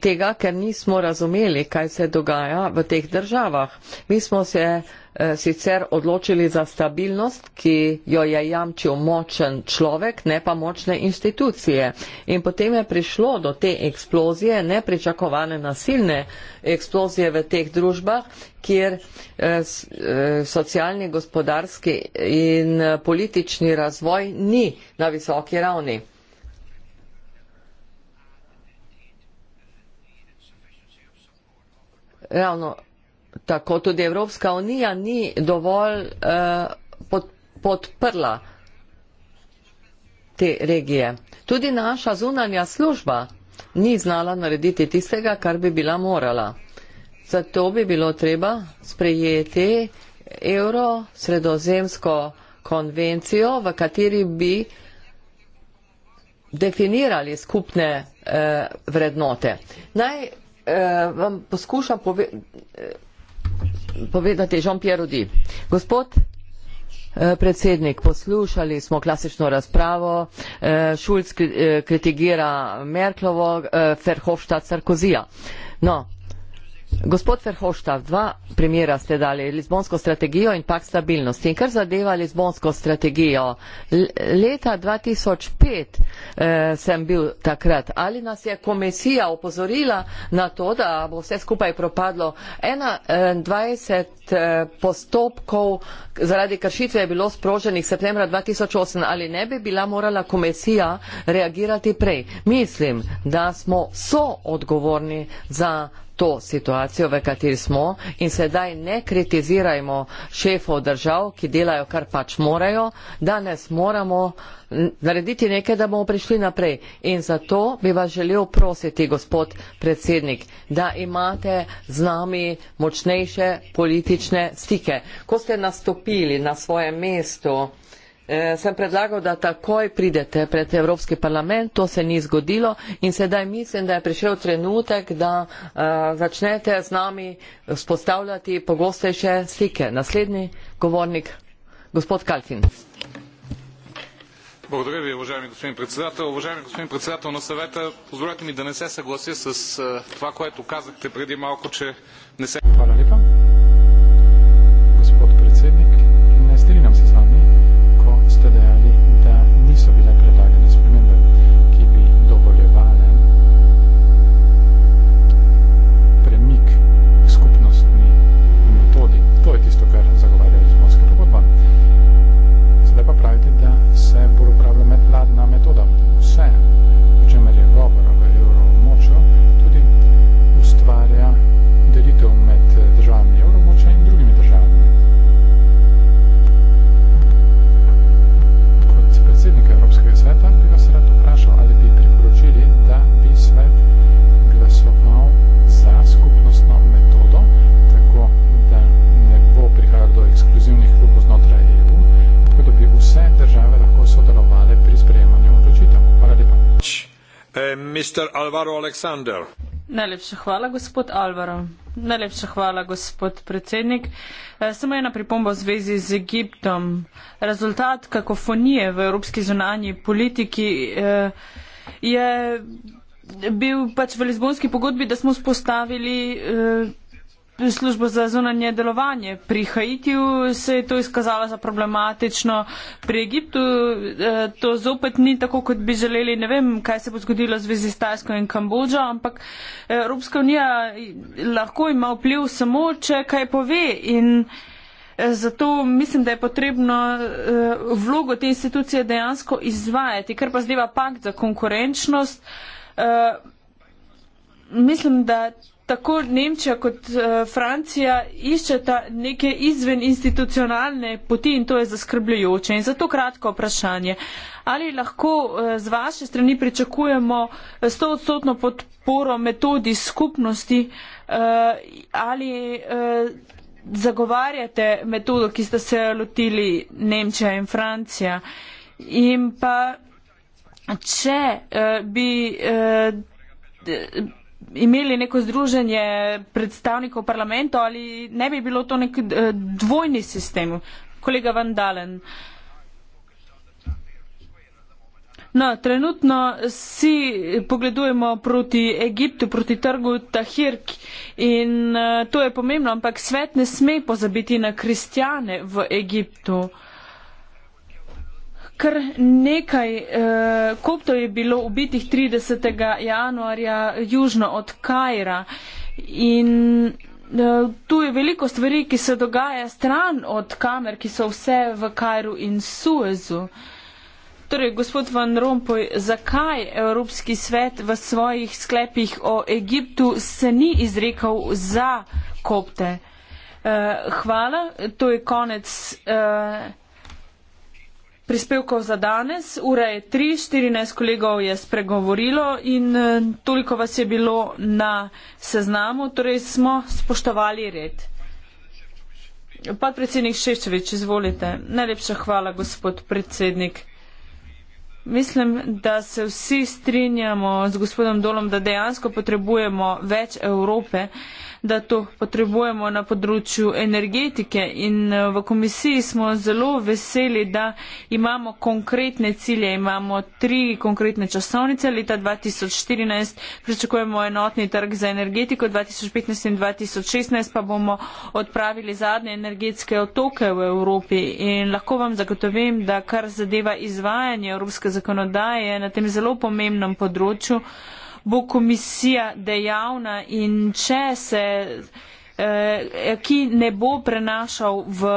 Speaker 2: tega, ker nismo razumeli, kaj se dogaja v teh državah. Mi smo se eh, sicer odločili za stabilnost, ki jo je jamčil močen človek, ne pa močne institucije. In potem je prišlo do te eksplozije, nepričakovane nasilne eksplozije v teh družbah, kjer eh, eh socialni, gospodarski in eh, politični razvoj ni na visoki ravni. ravno tako tudi Evropska unija ni dovolj uh, pod, podprla te regije. Tudi naša zunanja služba ni znala narediti tistega, kar bi bila morala. Zato bi bilo treba sprejeti Evrosredozemsko konvencijo, v kateri bi definirali skupne eh, vrednote. Naj eh, vam poskušam pove eh, povedati Jean-Pierre Rudi. Gospod eh, predsednik, poslušali smo klasično razpravo, eh, Šulc eh, kritigira Merklovo, eh, Ferhofstadt, Sarkozija. No, Gospod Ferhošta, dva primera ste dali, Lizbonsko strategijo in pak stabilnosti. In kar zadeva Lizbonsko strategijo, leta 2005 eh, sem bil takrat, ali nas je komisija opozorila na to, da bo vse skupaj propadlo. 21 eh, eh, postopkov zaradi kršitve je bilo sproženih septembra 2008, ali ne bi bila morala komisija reagirati prej. Mislim, da smo soodgovorni za to situacijo, v kateri smo in sedaj ne kritizirajmo šefov držav, ki delajo, kar pač morajo. Danes moramo narediti nekaj, da bomo prišli naprej. In zato bi vas želel prositi, gospod predsednik, da imate z nami močnejše politične stike. Ko ste nastopili na svoje mesto, Eh, sem predlagal, da takoj pridete pred Evropski parlament, to se ni zgodilo in sedaj mislim, da je prišel trenutek, da eh, začnete z nami spostavljati pogostejše slike. Naslednji govornik, gospod Kalfin.
Speaker 1: Благодаря ви, уважаеми господин председател. Уважаеми господин председател на съвета, позволете ми да не се съглася с това, което казахте преди малко, че не се... Хвала липа.
Speaker 3: Najlepša hvala, gospod Alvaro. Najlepša hvala, gospod predsednik. Eh, samo ena pripomba v zvezi z Egiptom. Rezultat kakofonije v evropski zunanji politiki eh, je bil pač v Lizbonski pogodbi, da smo spostavili. Eh, Služba za zunanje delovanje. Pri Haitiju se je to izkazalo za problematično, pri Egiptu eh, to zopet ni tako, kot bi želeli. Ne vem, kaj se bo zgodilo z vezi s Tajsko in Kambodžo, ampak Evropska unija lahko ima vpliv samo, če kaj pove. In eh, zato mislim, da je potrebno eh, vlogo te institucije dejansko izvajati. Ker pa zdaj pa pakt za konkurenčnost. Eh, mislim, da tako Nemčija kot uh, Francija iščeta neke izven institucionalne poti in to je zaskrbljujoče. In zato kratko vprašanje. Ali lahko eh, z vaše strani pričakujemo 100-odstotno eh, podporo metodi skupnosti ali zagovarjate metodo, ki ste se lotili Nemčija in Francija? In pa, če bi imeli neko združenje predstavnikov parlamentov ali ne bi bilo to nek eh, dvojni sistem, kolega Van Dalen. No, trenutno si pogledujemo proti Egiptu, proti trgu Tahir in uh, to je pomembno, ampak svet ne sme pozabiti na kristjane v Egiptu. Uh, kar nekaj uh, koptov je bilo ubitih 30. januarja južno od Kajra. In uh, tu je veliko stvari, ki se dogaja stran od kamer, ki so vse v Kajru in Suezu. Torej, gospod Van Rompuy, zakaj Evropski svet v svojih sklepih o Egiptu se ni izrekal za kopte? Uh, hvala, to je konec. Uh, prispevkov za danes. Ura je 3, 14 kolegov je spregovorilo in eh, toliko vas je bilo na seznamu, torej smo spoštovali red. Podpredsednik Šeščevič, izvolite. Najlepša hvala, gospod predsednik. Mislim, da se vsi strinjamo z gospodom Dolom, da dejansko potrebujemo več Evrope. Uh, da to potrebujemo na področju energetike in eh, v komisiji smo zelo veseli, da imamo konkretne cilje, imamo tri konkretne časovnice leta 2014, pričakujemo enotni trg za energetiko 2015 in 2016, pa bomo odpravili zadnje energetske otoke v Evropi in lahko vam zagotovim, da kar zadeva izvajanje evropske zakonodaje na tem zelo pomembnem področju, bo komisija dejavna in če se eh, ki ne bo prenašal v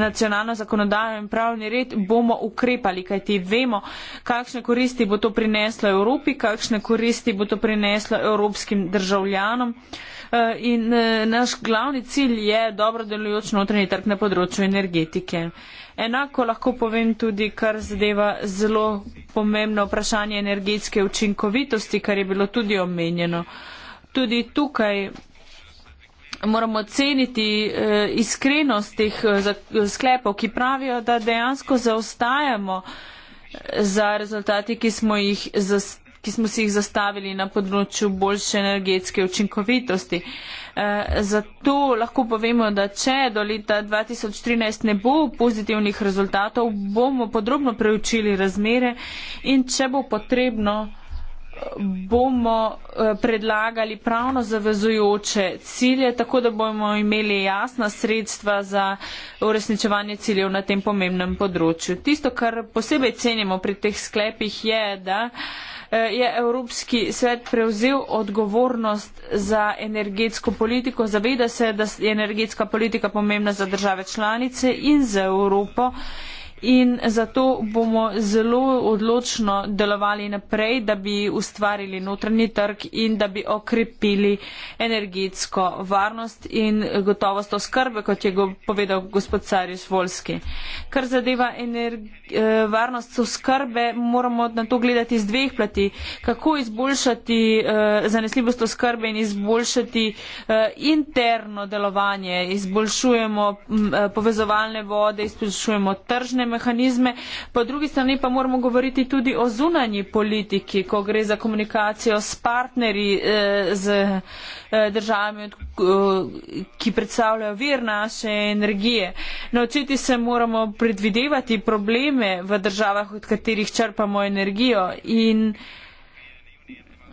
Speaker 3: nacionalno zakonodajo in pravni red, bomo ukrepali, kajti vemo, kakšne koristi bo to prineslo Evropi, kakšne koristi bo to prineslo evropskim državljanom. Uh, Eh, in eh, naš glavni cilj je dobro delujoč notranji trg na področju energetike. Enako lahko povem tudi, kar zadeva zelo pomembno vprašanje energetske učinkovitosti, kar je bilo tudi omenjeno. Tudi tukaj moramo ceniti eh, iskrenost teh sklepov, ki pravijo, da dejansko zaostajamo za rezultati, ki smo jih zastavili ki smo si jih zastavili na področju boljše energetske učinkovitosti. Eh, zato lahko povemo, da če do leta 2013 ne bo pozitivnih rezultatov, bomo podrobno preučili razmere in če bo potrebno bomo eh, predlagali pravno zavezujoče cilje, tako da bomo imeli jasna sredstva za uresničevanje ciljev na tem pomembnem področju. Tisto, kar posebej cenimo pri teh sklepih, je, da uh, Eh, je Evropski svet prevzel odgovornost za energetsko politiko. Zaveda se, da je energetska politika pomembna za države članice in za Evropo. In zato bomo zelo odločno delovali naprej, da bi ustvarili notranji trg in da bi okrepili energetsko varnost in gotovost oskrbe, kot je go povedal gospod Carjus Volski. Kar zadeva eh, varnost oskrbe, moramo na to gledati z dveh plati. Kako izboljšati uh, zanesljivost oskrbe in izboljšati uh, interno delovanje. Izboljšujemo uh, povezovalne vode, izboljšujemo tržne mehanizme, po drugi strani pa moramo govoriti tudi o zunanji politiki, ko gre za komunikacijo s partnerji, eh, z eh, državami, eh, ki predstavljajo vir naše energije. Naučiti se moramo predvidevati probleme v državah, od katerih črpamo energijo in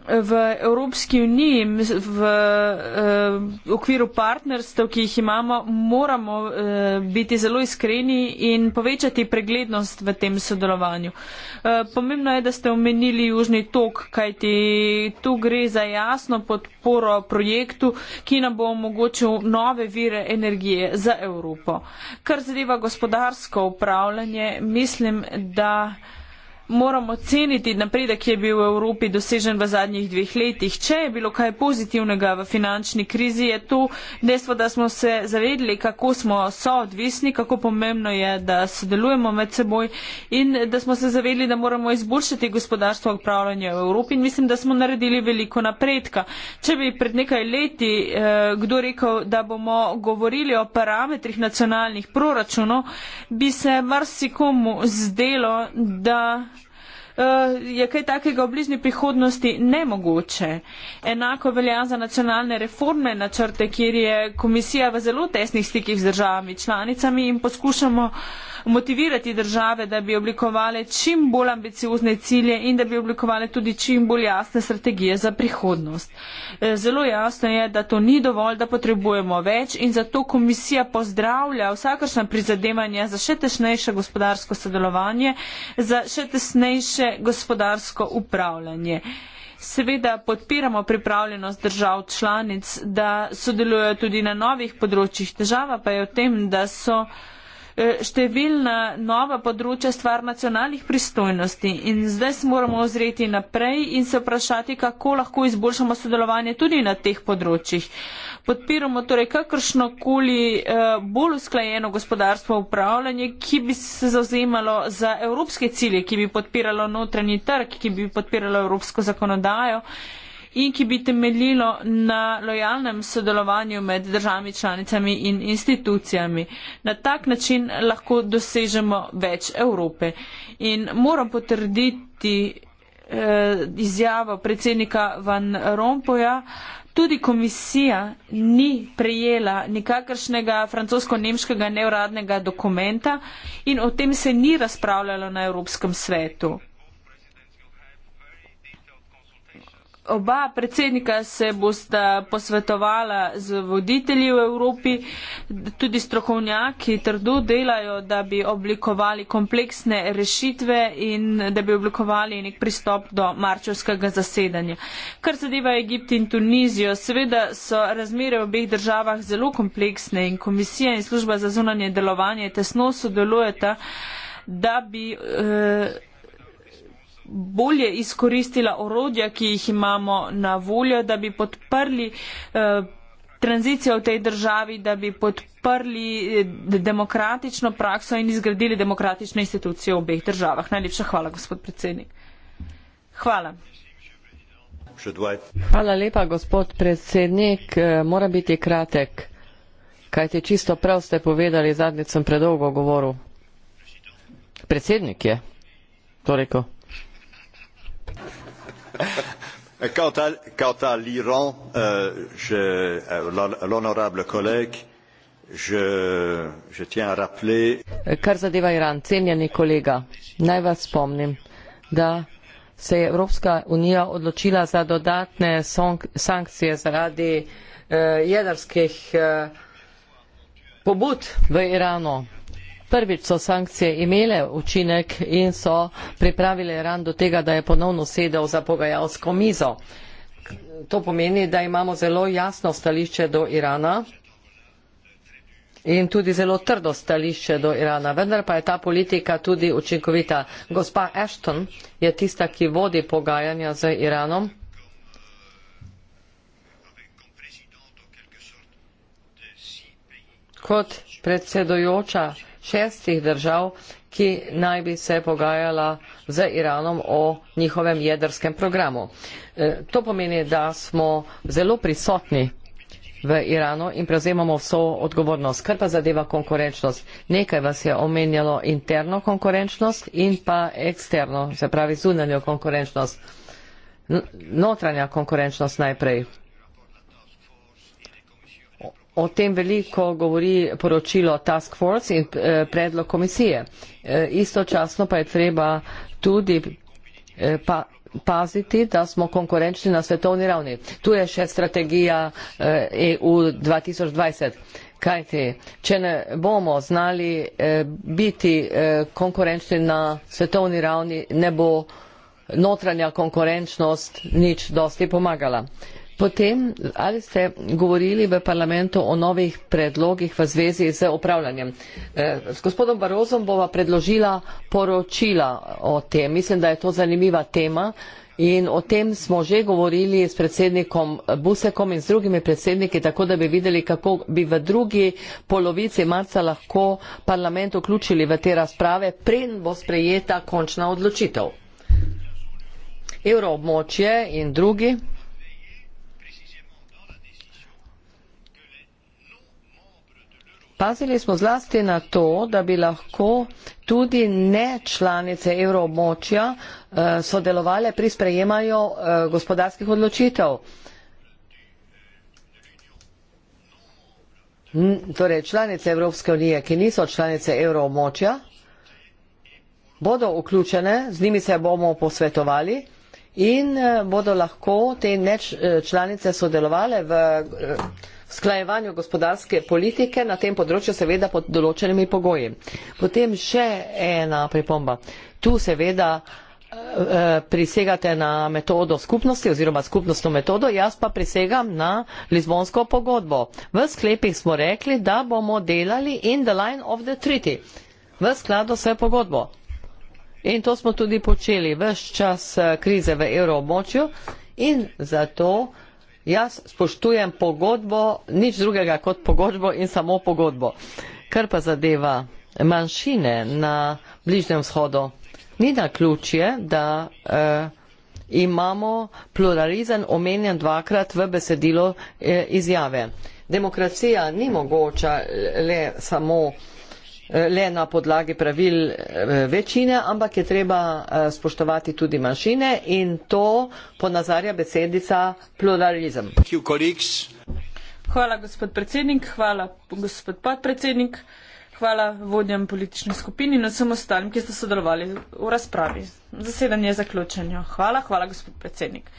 Speaker 3: v Evropski uniji, v eh, okviru partnerstv, ki jih imamo, moramo eh, biti zelo iskreni in povečati preglednost v tem sodelovanju. Eh, pomembno je, da ste omenili Južni tok, kajti tu gre za jasno podporo projektu, ki nam bo omogočil nove vire energije za Evropo. Kar zadeva gospodarsko upravljanje, mislim, da moramo ceniti napredek, ki je bil v Evropi dosežen v zadnjih dveh letih. Če je bilo kaj pozitivnega v finančni krizi, je to dejstvo, da smo se zavedli, kako smo soodvisni, kako pomembno je, da sodelujemo med seboj in da smo se zavedli, da moramo izboljšati gospodarstvo upravljanja v Evropi in mislim, da smo naredili veliko napredka. Če bi pred nekaj leti eh, kdo rekel, da bomo govorili o parametrih nacionalnih proračunov, bi se marsikomu zdelo, da Eh, je kaj takega v bližnji prihodnosti nemogoče. Enako velja za nacionalne reforme načrte, kjer je komisija v zelo tesnih stikih z državami članicami in poskušamo uh, motivirati države, da bi oblikovali čim bolj ambiciozne cilje in da bi oblikovali tudi čim bolj jasne strategije za prihodnost. E, zelo jasno je, da to ni dovolj, da potrebujemo več in zato komisija pozdravlja vsakršna prizadevanja za še tesnejše gospodarsko sodelovanje, za še tesnejše gospodarsko upravljanje. Seveda podpiramo pripravljenost držav članic, da sodelujejo tudi na novih področjih. Težava pa je v tem, da so Eh, številna nova področja stvar nacionalnih pristojnosti. In zdaj se moramo ozreti naprej in se vprašati, kako lahko izboljšamo sodelovanje tudi na teh področjih. Podpiramo torej kakršnokoli eh, bolj usklajeno gospodarstvo upravljanje, ki bi se zauzemalo za evropske cilje, ki bi podpiralo notranji trg, ki bi podpiralo evropsko zakonodajo in ki bi temeljilo na lojalnem sodelovanju med državami članicami in institucijami. Na tak način lahko dosežemo več Evrope. In moram potrditi eh, izjavo predsednika Van Rompoja, Tudi komisija ni prejela nikakršnega francosko-nemškega neuradnega dokumenta in o tem se ni razpravljalo na Evropskem svetu. Oba predsednika se bosta posvetovala z voditelji v Evropi, tudi strokovnjaki trdo delajo, da bi oblikovali kompleksne rešitve in da bi oblikovali nek pristop do marčevskega zasedanja. Kar zadeva Egipt in Tunizijo, seveda so razmere v obeh državah zelo kompleksne in komisija in služba za zunanje delovanje tesno sodelujeta, da bi. Eh, bolje izkoristila orodja, ki jih imamo na voljo, da bi podprli eh, tranzicijo v tej državi, da bi podprli eh, demokratično prakso in izgradili demokratične institucije v obeh državah. Najlepša hvala, gospod predsednik. Hvala. Hvala lepa, gospod
Speaker 2: predsednik. Eh, mora biti kratek, kajte čisto prav ste povedali, zadnjič sem predolgo govoril. Predsednik je. Toliko quant à l'iran euh, euh, l'honorable collègue je tiens à rappeler kar zadeva iran cenjeni kolega naj vas spomnim da se je evropska unija odločila za dodatne sankcije zaradi eh, jedrskih eh, pobud v iranu prvič so sankcije imele učinek in so pripravile Iran do tega, da je ponovno sedel za pogajalsko mizo. To pomeni, da imamo zelo jasno stališče do Irana in tudi zelo trdo stališče do Irana. Vendar pa je ta politika tudi učinkovita. Gospa Ashton je tista, ki vodi pogajanja z Iranom. Kot predsedujoča šestih držav, ki naj bi se pogajala z Iranom o njihovem jedrskem programu. E, to pomeni, da smo zelo prisotni v Iranu in prevzemamo vso odgovornost. Kar pa zadeva konkurenčnost? Nekaj vas je omenjalo interno konkurenčnost in pa eksterno, se pravi zunanjo konkurenčnost. Notranja konkurenčnost najprej. O tem veliko govori poročilo Task Force in eh, predlog komisije. Eh, istočasno pa je treba tudi eh, pa paziti, da smo konkurenčni na svetovni ravni. Tu je še strategija EU e 2020. Kajti, če ne bomo znali biti konkurenčni na svetovni ravni, ne bo notranja konkurenčnost nič dosti pomagala. Potem, ali ste govorili v parlamentu o novih predlogih v zvezi z upravljanjem? Eh, s gospodom Barozom bova predložila poročila o tem. Mislim, da je to zanimiva tema in o tem smo že govorili s predsednikom Busekom in z drugimi predsedniki, tako da bi videli, kako bi v drugi polovici marca lahko parlament vključili v te razprave, preden bo sprejeta končna odločitev. Evroobmočje in drugi. Pazili smo zlasti na to, da bi lahko tudi ne članice evroobmočja uh, eh, sodelovali pri sprejemanju uh, gospodarskih odločitev. N torej, članice Evropske unije, ki niso članice evroobmočja, bodo vključene, z njimi se bomo posvetovali in uh, bodo lahko te ne članice sodelovali v. Uh, usklajevanju gospodarske politike na tem področju seveda pod določenimi pogoji. Potem še ena pripomba. Tu seveda eh, eh, prisegate na metodo skupnosti oziroma skupnostno metodo, jaz pa prisegam na Lizbonsko pogodbo. V sklepih smo rekli, da bomo delali in the line of the treaty v skladu s pogodbo. In to smo tudi počeli vse čas eh, krize v evroobmočju in zato jaz spoštujem pogodbo, nič drugega kot pogodbo in samo pogodbo. Kar pa zadeva manjšine na Bližnjem vzhodu, ni na ključje, da eh, imamo pluralizem omenjen dvakrat v besedilo eh, izjave. Demokracija ni mogoča le samo Eh, le na podlagi pravil eh, večine, ampak je treba eh, spoštovati tudi manjšine in to ponazarja besedica pluralizem.
Speaker 3: Hvala gospod predsednik, hvala gospod podpredsednik, hvala vodjem politične skupine in vsem ostalim, ki ste sodelovali v razpravi. Zasedanje je zaključeno. Hvala, hvala gospod predsednik.